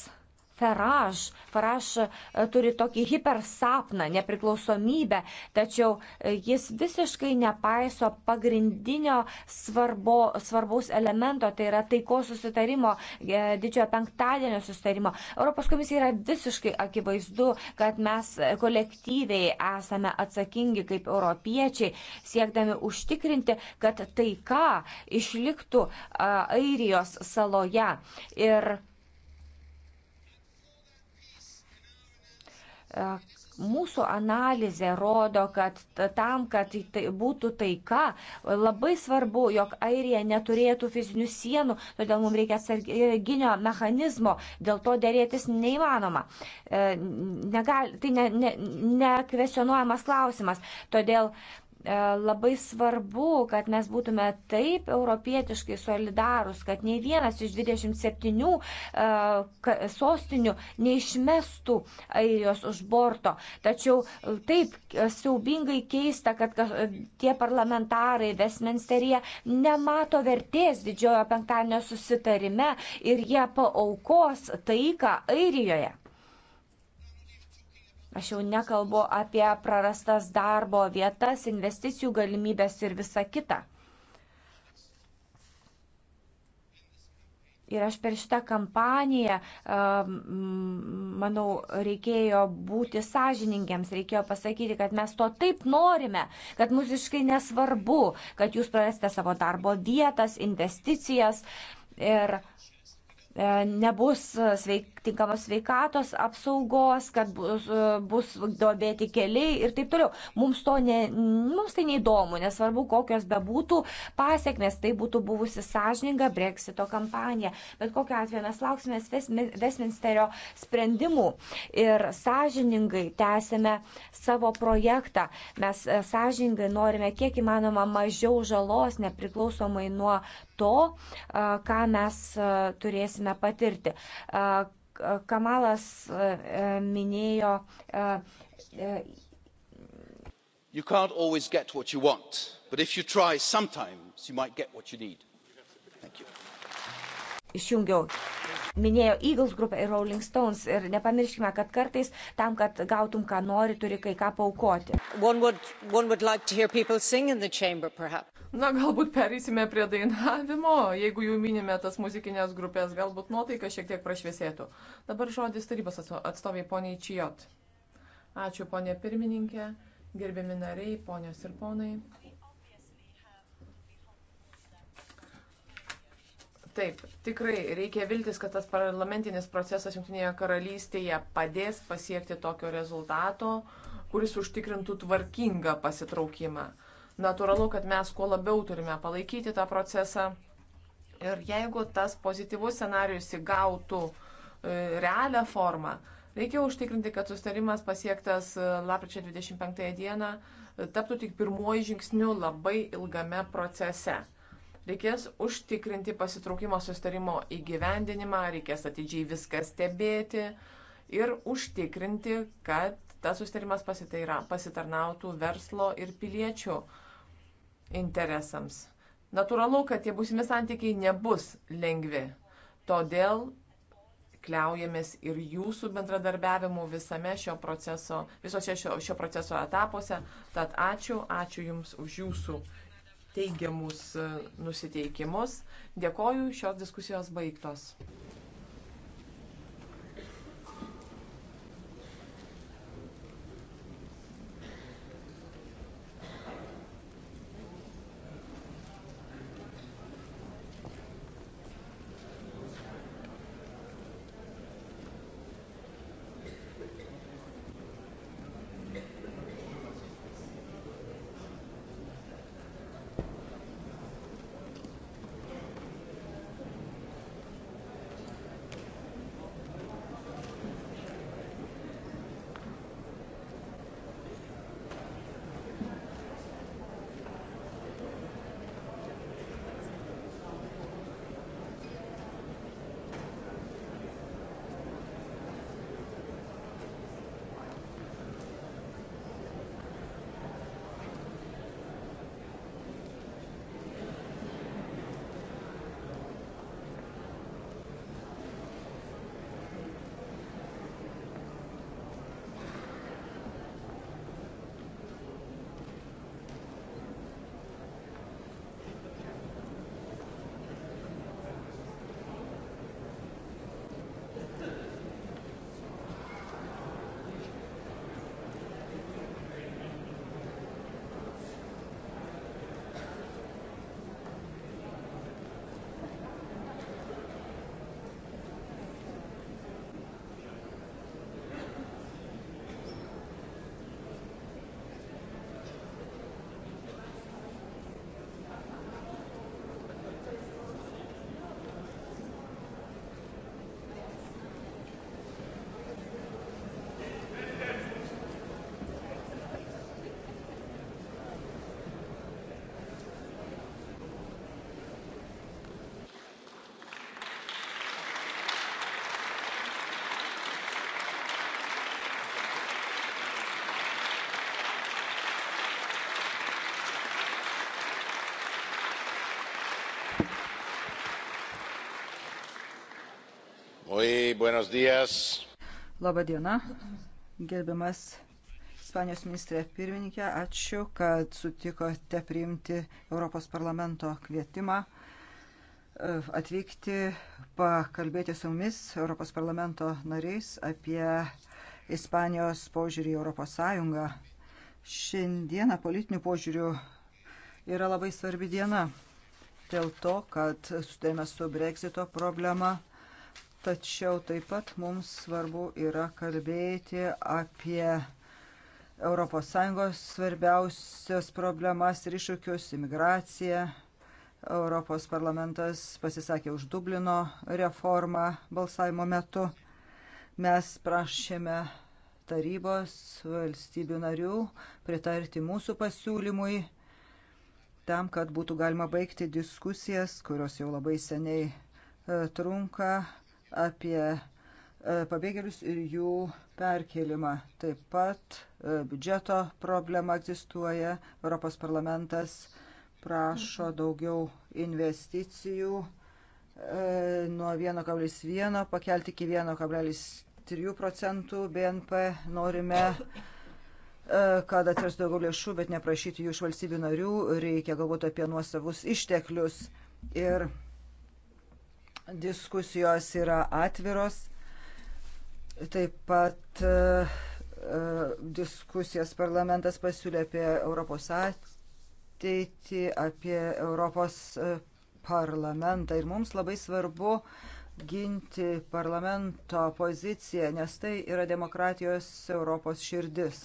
Faraž. Faraž e, turi tokį hipersapną, nepriklausomybę, tačiau e, jis visiškai nepaiso pagrindinio svarbo, svarbaus elemento, tai yra taiko susitarimo, e, didžiojo penktadienio susitarimo. Europos komisija yra visiškai akivaizdu, kad mes kolektyviai esame atsakingi kaip europiečiai, siekdami užtikrinti, kad taika išliktų Airijos saloje. Ir E, mūsų analizė rodo, kad tam, kad tai būtų taika, labai svarbu, jog Airija neturėtų fizinių sienų, todėl mums reikia sarginio mechanizmo, dėl to dėrėtis neįmanoma. E, negal, tai nekvesionuojamas ne, ne klausimas, todėl E, labai svarbu, kad mes būtume taip europietiškai solidarūs, kad nei vienas iš 27 e, sostinių neišmestų airijos už borto. Tačiau e, taip siaubingai keista, kad tie parlamentarai Westminsteryje nemato vertės didžiojo penktadienio susitarime ir jie paaukos taiką Airijoje. Aš jau nekalbu apie prarastas darbo vietas, investicijų galimybės ir visa kita. Ir aš per šitą kampaniją, ehm, manau, reikėjo būti sąžiningiams, reikėjo pasakyti, kad mes to taip norime, kad muziškai nesvarbu, kad jūs prarasite savo darbo vietas, investicijas. Ir uh, E, nebus sveik, tinkamos sveikatos apsaugos, kad e, bus, bus dobėti keliai ir taip toliau. Mums, to ne, mums tai neįdomu, nesvarbu, kokios bebūtų pasiekmes, tai būtų buvusi sąžininga Brexito kampanija. Bet kokiu atveju mes lauksime Westminsterio sprendimų ir sąžiningai tęsime savo projektą. Mes e, sąžiningai norime kiek įmanoma mažiau žalos, nepriklausomai nuo to, ką mes turėsime patirti. Kamalas minėjo. You can't always get what you want, but if you try, sometimes you might get what you need. Thank you. Išjungiau. Minėjo Eagles grupę ir Rolling Stones ir nepamirškime, kad kartais tam, kad gautum, ką nori, turi kai ką paukoti. One would, one would like Na, galbūt perėsime prie dainavimo, jeigu jau minime tas muzikinės grupės, galbūt nuotaika šiek tiek prašviesėtų. Dabar žodis tarybos atstoviai poniai Čijot. Ačiū ponė pirmininkė, gerbiami nariai, ponios ir ponai. Taip, tikrai reikia viltis, kad tas parlamentinis procesas Junktinėje karalystėje padės pasiekti tokio rezultato, kuris užtikrintų tvarkingą pasitraukimą natūralu, kad mes kuo labiau turime palaikyti tą procesą. Ir jeigu tas pozityvus scenarius įgautų e, realią formą, reikia užtikrinti, kad sustarimas pasiektas e, lapkričio 25 dieną e, taptų tik pirmoji žingsniu labai ilgame procese. Reikės užtikrinti pasitraukimo sustarimo įgyvendinimą, reikės atidžiai viską stebėti ir užtikrinti, kad tas sustarimas pasitarnautų verslo ir piliečių interesams. Natūralu, kad tie būsimi santykiai nebus lengvi. Todėl kliaujamės ir jūsų bendradarbiavimu visame šio proceso, visose šio, šio proceso etapuose. Tad ačiū, ačiū Jums už Jūsų teigiamus e, nusiteikimus. Dėkoju, šios diskusijos baigtos. buenos días. Labą dieną, gerbiamas Ispanijos ministrė pirmininkė, ačiū, kad sutikote priimti Europos parlamento kvietimą e, atvykti pakalbėti su mumis, Europos parlamento nariais, apie Ispanijos požiūrį į Europos Sąjungą. Šiandieną politinių požiūrių yra labai svarbi diena dėl to, kad sutarėme su Brexito problema tačiau taip pat mums svarbu yra kalbėti apie ES svarbiausias problemas ir iššūkius - imigraciją. Europos parlamentas pasisakė už Dublino reformą balsavimo metu. Mes prašėme tarybos valstybių narių pritarti mūsų pasiūlymui tam, kad būtų galima baigti diskusijas, kurios jau labai seniai e, trunka apie e, pabėgėlius ir jų perkelimą. Taip pat e, biudžeto problema egzistuoja. Europos parlamentas prašo daugiau investicijų e, nuo 1,1 pakelti iki 1,3 procentų BNP. Norime kad atsiras daugiau lėšų, bet neprašyti jų iš valstybių narių, reikia galvoti apie nuosavus išteklius. Ir diskusijos yra atviros. Taip pat e, e, diskusijas parlamentas pasiūlė apie Europos ateitį, apie Europos e, parlamentą. Ir mums labai svarbu ginti parlamento poziciją, nes tai yra demokratijos Europos širdis.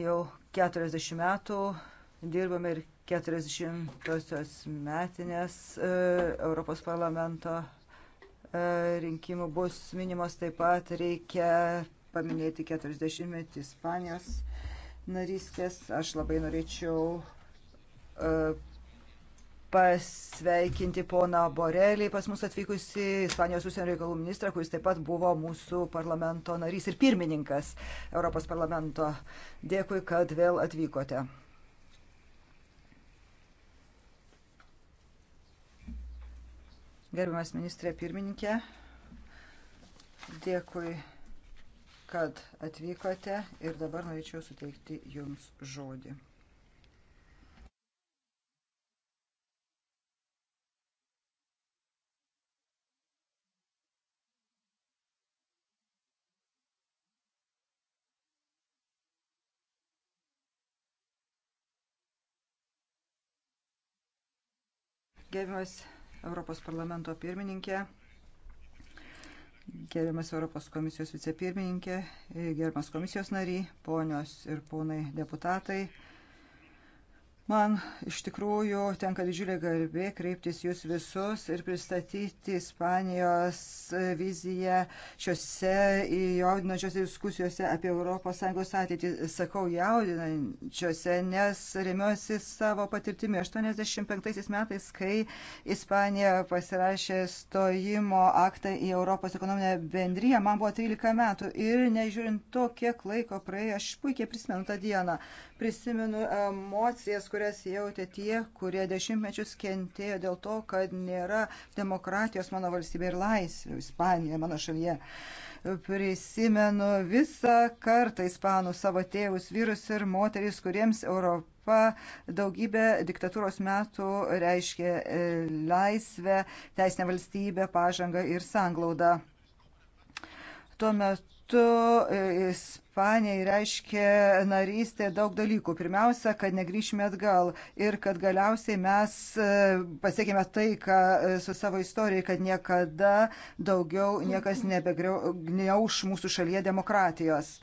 Jau 40 metų dirbame ir 40-osios metinės e, Europos parlamento e, rinkimų bus minimos taip pat reikia paminėti 40-metį Ispanijos narystės. Aš labai norėčiau e, pasveikinti poną Borelį, pas mus atvykusi Ispanijos užsienio reikalų ministrą, kuris taip pat buvo mūsų parlamento narys ir pirmininkas Europos parlamento. Dėkui, kad vėl atvykote. Gerbiamas ministrė pirmininkė, dėkui, kad atvykote ir dabar norėčiau suteikti Jums žodį. Gerbiamas Europos parlamento pirmininkė, gerbiamas Europos komisijos vicepirmininkė, gerbiamas komisijos nariai, ponios ir ponai deputatai. Man iš tikrųjų tenka didžiulė garbė kreiptis jūs visus ir pristatyti Ispanijos viziją šiuose jaudinančiose diskusijose apie ES ateitį. Sakau jaudinančiose, nes remiuosi savo patirtimi. 85 metais, kai Ispanija pasirašė stojimo aktą į Europos ekonominę bendryją, man buvo 13 metų ir nežiūrint to, kiek laiko praėjo, aš puikiai prisimenu tą dieną. Prisimenu emocijas, kurias jautė tie, kurie dešimtmečius kentėjo dėl to, kad nėra demokratijos mano valstybė ir laisvė Ispanijoje, mano šalyje. Prisimenu visą kartą ispanų savo tėvus, vyrus ir moteris, kuriems Europą. Europa daugybę diktatūros metų reiškė e, laisvę, teisinę valstybę, pažangą ir sanglaudą. Tuo metu metu e, Ispanijai reiškia narystė daug dalykų. Pirmiausia, kad negryšime atgal ir kad galiausiai mes e, pasiekime tai, ką e, su savo istorija, kad niekada daugiau niekas nebegniauš mūsų šalyje demokratijos.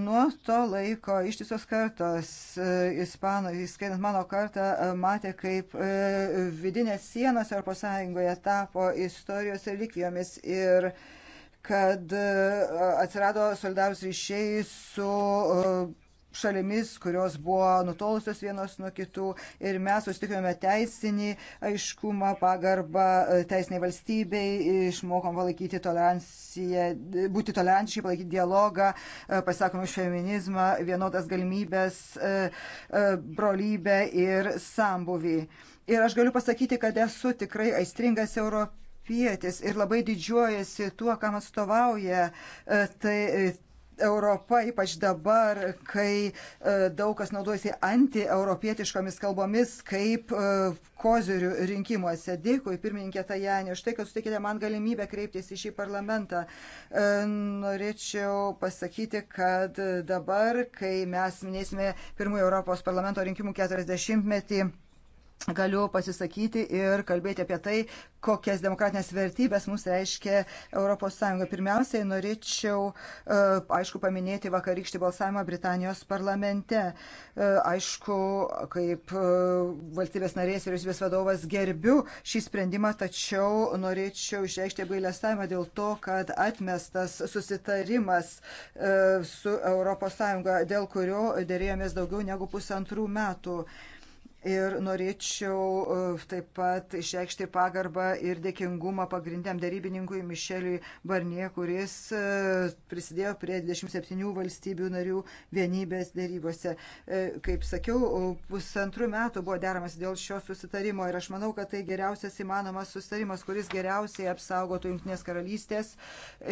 Nuo to laiko ištisos kartos ispanų, įskaitant mano kartą, matė, kaip vidinės sienos Europos Sąjungoje tapo istorijos relikvijomis ir, ir kad e, atsirado solidarūs ryšiai su e, šalimis, kurios buvo nutolusios vienos nuo kitų ir mes sustikome teisinį aiškumą, pagarbą e, teisiniai valstybei, išmokom palaikyti toleranciją, būti tolerančiai, palaikyti dialogą, pasakom už feminizmą, vienodas galimybės, brolybę ir sambuvį. Ir aš galiu pasakyti, kad esu tikrai aistringas europietis europietis ir labai didžiuojasi tuo, kam atstovauja. E, tai, e, Europa, ypač dabar, kai e, daug kas naudojasi antieuropietiškomis kalbomis, kaip kozirių rinkimuose. Dėkui, pirmininkė Tajanė, už tai, kad sutikite man galimybę kreiptis į šį parlamentą. Norėčiau pasakyti, kad dabar, kai mes minėsime pirmųjų Europos parlamento rinkimų 40-metį, galiu pasisakyti ir kalbėti apie tai, kokias demokratinės vertybės mums reiškia ES. Pirmiausiai norėčiau, e, aišku, paminėti vakarykštį balsavimą Britanijos parlamente. E, aišku, kaip e, valstybės narės vyriausybės vadovas gerbiu šį sprendimą, tačiau norėčiau išreikšti apgailestavimą dėl to, kad atmestas susitarimas su ES, dėl kurio dėrėjomės daugiau negu pusantrų metų. Ir norėčiau e, taip pat išreikšti pagarbą ir dėkingumą pagrindiniam darybininkui Mišeliui Barnie, kuris e, prisidėjo prie 27 valstybių narių vienybės darybose. E, kaip sakiau, pusantrų metų buvo deramas dėl šio susitarimo ir aš manau, kad tai geriausias įmanomas susitarimas, kuris geriausiai apsaugotų Junktinės karalystės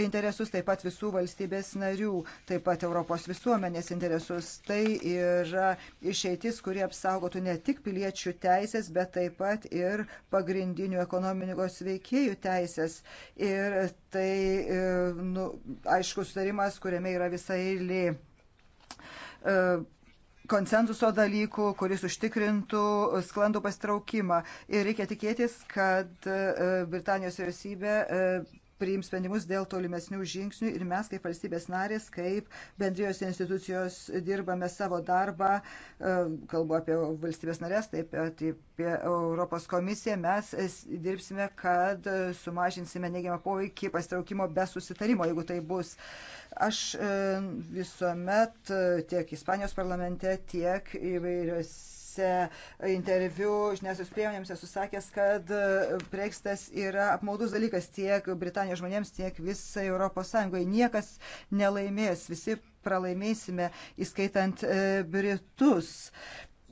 interesus, taip pat visų valstybės narių, taip pat Europos visuomenės interesus. Tai yra išeitis, kuri apsaugotų ne tik tik piliečių teisės, bet taip pat ir pagrindinių ekonomikos veikėjų teisės. Ir tai, e, nu, aišku, sutarimas, kuriame yra visa eilė e, konsensuso dalykų, kuris užtikrintų sklandų pastraukimą. Ir reikia tikėtis, kad e, Britanijos vyriausybė priims sprendimus dėl tolimesnių žingsnių ir mes kaip valstybės narės, kaip bendrijos institucijos dirbame savo darbą, e, kalbu apie valstybės narės, taip pat apie Europos komisiją, mes dirbsime, kad sumažinsime neigiamą poveikį pastraukimo be susitarimo, jeigu tai bus. Aš e, visuomet e, tiek Ispanijos parlamente, tiek įvairiose konferencijose, interviu žiniasos priemonėms esu sakęs, kad e, Brexitas yra apmaudus dalykas tiek Britanijos žmonėms, tiek visai Europos Sąjungoje. Niekas nelaimės, visi pralaimėsime, įskaitant e, Britus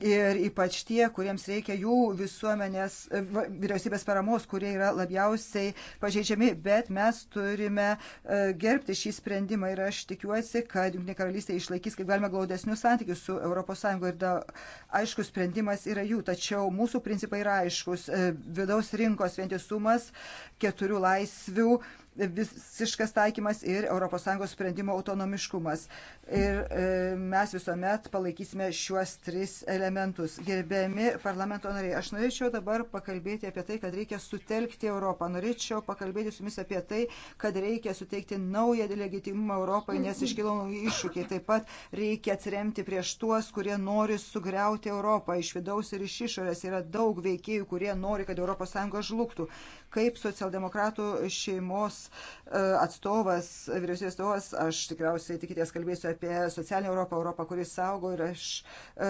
ir ypač tie, kuriems reikia jų visuomenės, e, vyriausybės paramos, kurie yra labiausiai pažeidžiami, bet mes turime e, gerbti šį sprendimą ir aš tikiuosi, kad Junktinė karalystė išlaikys kaip galima glaudesnius santykius su ES ir da, aiškus sprendimas yra jų, tačiau mūsų principai yra aiškus e, - vidaus rinkos vientisumas, keturių laisvių visiškas taikymas ir ES sprendimo autonomiškumas. Ir e, mes visuomet palaikysime šiuos tris elementus. Gerbiami parlamento nariai, aš norėčiau dabar pakalbėti apie tai, kad reikia sutelkti Europą. Norėčiau pakalbėti su jumis apie tai, kad reikia suteikti naują legitimumą Europai, nes iškilo nauji iššūkiai. Taip pat reikia atsiremti prieš tuos, kurie nori sugriauti Europą iš vidaus ir iš išorės. Yra daug veikėjų, kurie nori, kad ES žlugtų. Kaip socialdemokratų šeimos E, atstovas, vyriausybės atstovas, aš tikriausiai tikitės kalbėsiu apie socialinę Europą, Europą, kuris saugo ir aš e,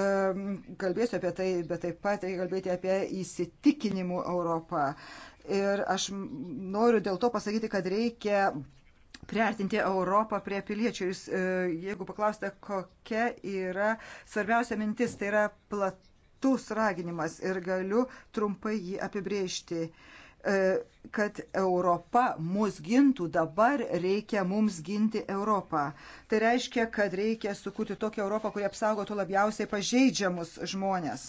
kalbėsiu apie tai, bet taip pat reikia kalbėti apie įsitikinimų Europą. Ir aš noriu dėl to pasakyti, kad reikia priartinti Europą prie piliečių. Jūs, e, jeigu paklausite, kokia yra svarbiausia mintis, tai yra platus raginimas ir galiu trumpai jį apibrėžti. E, kad Europa mus gintų, dabar reikia mums ginti Europą. Tai reiškia, kad reikia sukurti tokią Europą, kuri apsaugotų labiausiai pažeidžiamus žmonės.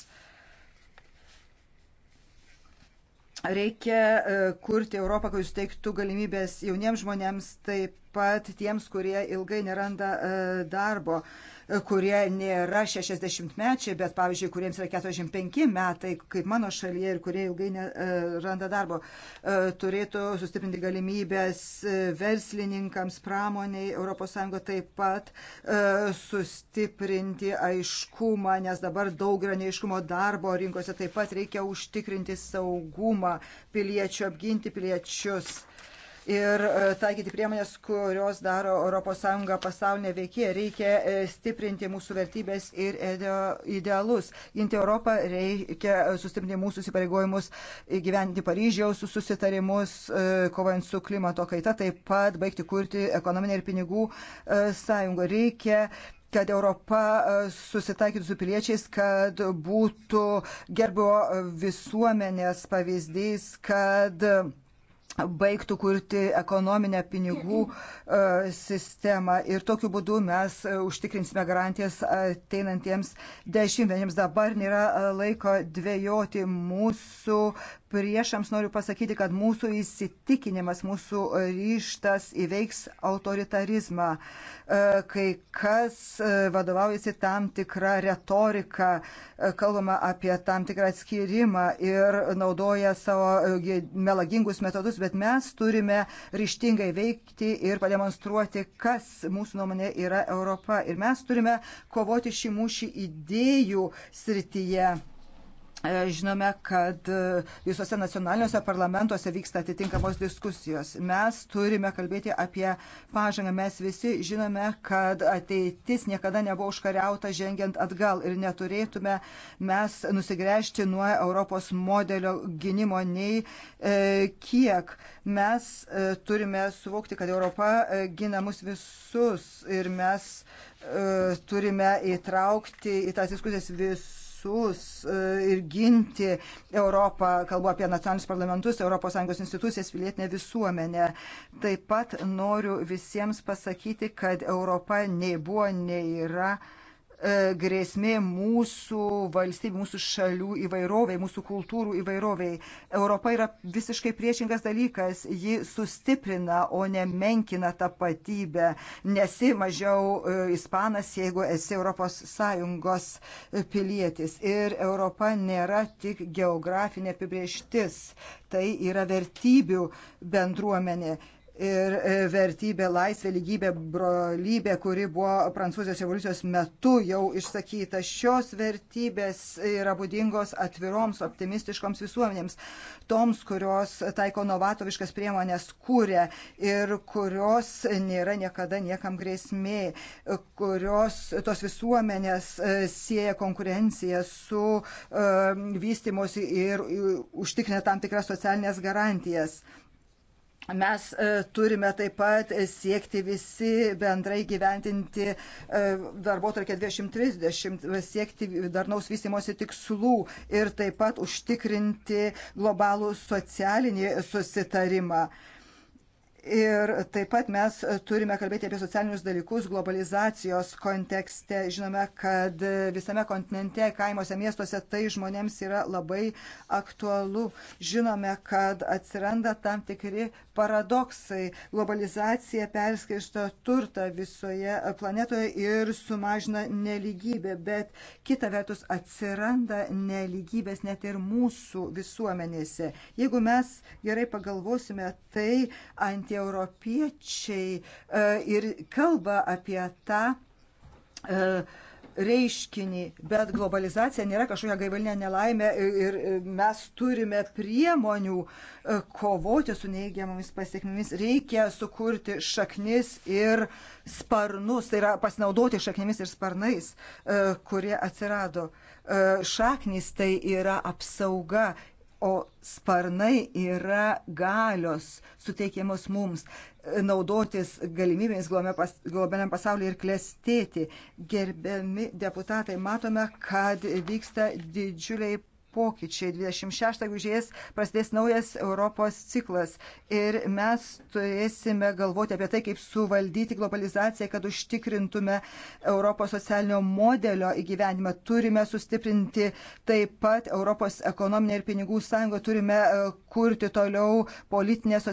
Reikia e, kurti Europą, kuri suteiktų galimybės jauniems žmonėms, taip pat tiems, kurie ilgai neranda e, darbo, e, kurie nėra 60-mečiai, bet, pavyzdžiui, kuriems yra 45 metai, kaip mano šalyje, ir kurie ilgai neranda e, darbo, turėtų sustiprinti galimybės verslininkams, pramoniai, ES taip pat sustiprinti aiškumą, nes dabar daug yra neiškumo darbo rinkose, taip pat reikia užtikrinti saugumą piliečių, apginti piliečius ir e, taikyti priemonės, kurios daro ES pasaulinė veikėja. Reikia e, stiprinti mūsų vertybės ir idealus. Ginti Europą reikia e, sustiprinti mūsų įsipareigojimus, gyventi Paryžiaus susitarimus, kovant su klimato kaita, taip pat baigti kurti ekonominę ir pinigų sąjungą. Reikia kad Europa susitaikytų su piliečiais, kad būtų gerbo visuomenės pavyzdys, kad baigtų kurti ekonominę pinigų e, sistemą. Ir tokiu būdu mes e, užtikrinsime garantijas ateinantiems dešimtmetėms. Dabar nėra e, laiko dvėjoti mūsų priešams noriu pasakyti, kad mūsų įsitikinimas, mūsų ryštas įveiks autoritarizmą, e, kai kas e, vadovaujasi tam tikrą retoriką, e, kalbama apie tam tikrą atskirimą ir naudoja savo melagingus metodus, bet mes turime ryštingai veikti ir pademonstruoti, kas mūsų nuomonė yra Europa. Ir mes turime kovoti šį mūšį idėjų srityje E, žinome, kad e, visose nacionaliniuose parlamentuose vyksta atitinkamos diskusijos. Mes turime kalbėti apie pažangą. Mes visi žinome, kad ateitis niekada nebuvo užkariauta žengiant atgal ir neturėtume mes nusigręžti nuo Europos modelio gynimo nei e, kiek. Mes e, turime suvokti, kad Europa e, gina mus visus ir mes e, turime įtraukti į tas diskusijas visus visus e, ir ginti Europą, kalbu apie nacionalinius parlamentus, ES institucijas, pilietinę visuomenę. Taip pat noriu visiems pasakyti, kad Europa nei buvo, nei yra E, grėsmė mūsų valstybių, mūsų šalių įvairoviai, mūsų kultūrų įvairoviai. Europa yra visiškai priešingas dalykas, ji sustiprina, o ne menkina tapatybę. Nesi mažiau e, ispanas, jeigu esi ES pilietis. Ir Europa nėra tik geografinė apibrieštis, tai yra vertybių bendruomenė ir e, vertybė laisvė, lygybė, brolybė, kuri buvo Prancūzijos revoliucijos metu jau išsakyta. Šios vertybės yra būdingos atviroms, optimistiškoms visuomenėms, toms, kurios taiko novatoviškas priemonės kūrė ir kurios nėra niekada niekam grėsmė, kurios tos visuomenės e, sieja konkurenciją su uh, vystimosi ir uh, užtikrina tam tikras socialinės garantijas. Mes e, turime taip pat e, siekti visi bendrai gyventinti darbo tarkė 2030, siekti darnaus vystimosi tikslų ir taip pat užtikrinti globalų socialinį susitarimą. Ir taip pat mes turime kalbėti apie socialinius dalykus globalizacijos kontekste. Žinome, kad visame kontinente, kaimuose, miestuose tai žmonėms yra labai aktualu. Žinome, kad atsiranda tam tikri paradoksai. Globalizacija perskaišto turtą visoje planetoje ir sumažina neligybę, bet kita vertus atsiranda neligybės net ir mūsų visuomenėse. Jeigu mes gerai pagalvosime, tai ant antieuropiečiai e, ir kalba apie tą e, reiškinį, bet globalizacija nėra kažkokia gaivalinė nelaimė ir e, mes turime priemonių kovoti su neigiamomis pasiekmėmis. Reikia sukurti šaknis ir sparnus, tai yra pasinaudoti šaknimis ir sparnais, kurie atsirado. Šaknis tai yra apsauga o sparnai yra galios suteikiamos mums e, naudotis galimybėmis globaliam pasaulyje ir klestėti. Gerbiami deputatai, matome, kad vyksta didžiuliai pokyčiai. 26 gegužės prasidės naujas Europos ciklas ir mes turėsime galvoti apie tai, kaip suvaldyti globalizaciją, kad užtikrintume Europos socialinio modelio įgyvenimą. Turime sustiprinti taip pat Europos ekonominę ir pinigų sąjungą, turime e, kurti toliau politinę socialinę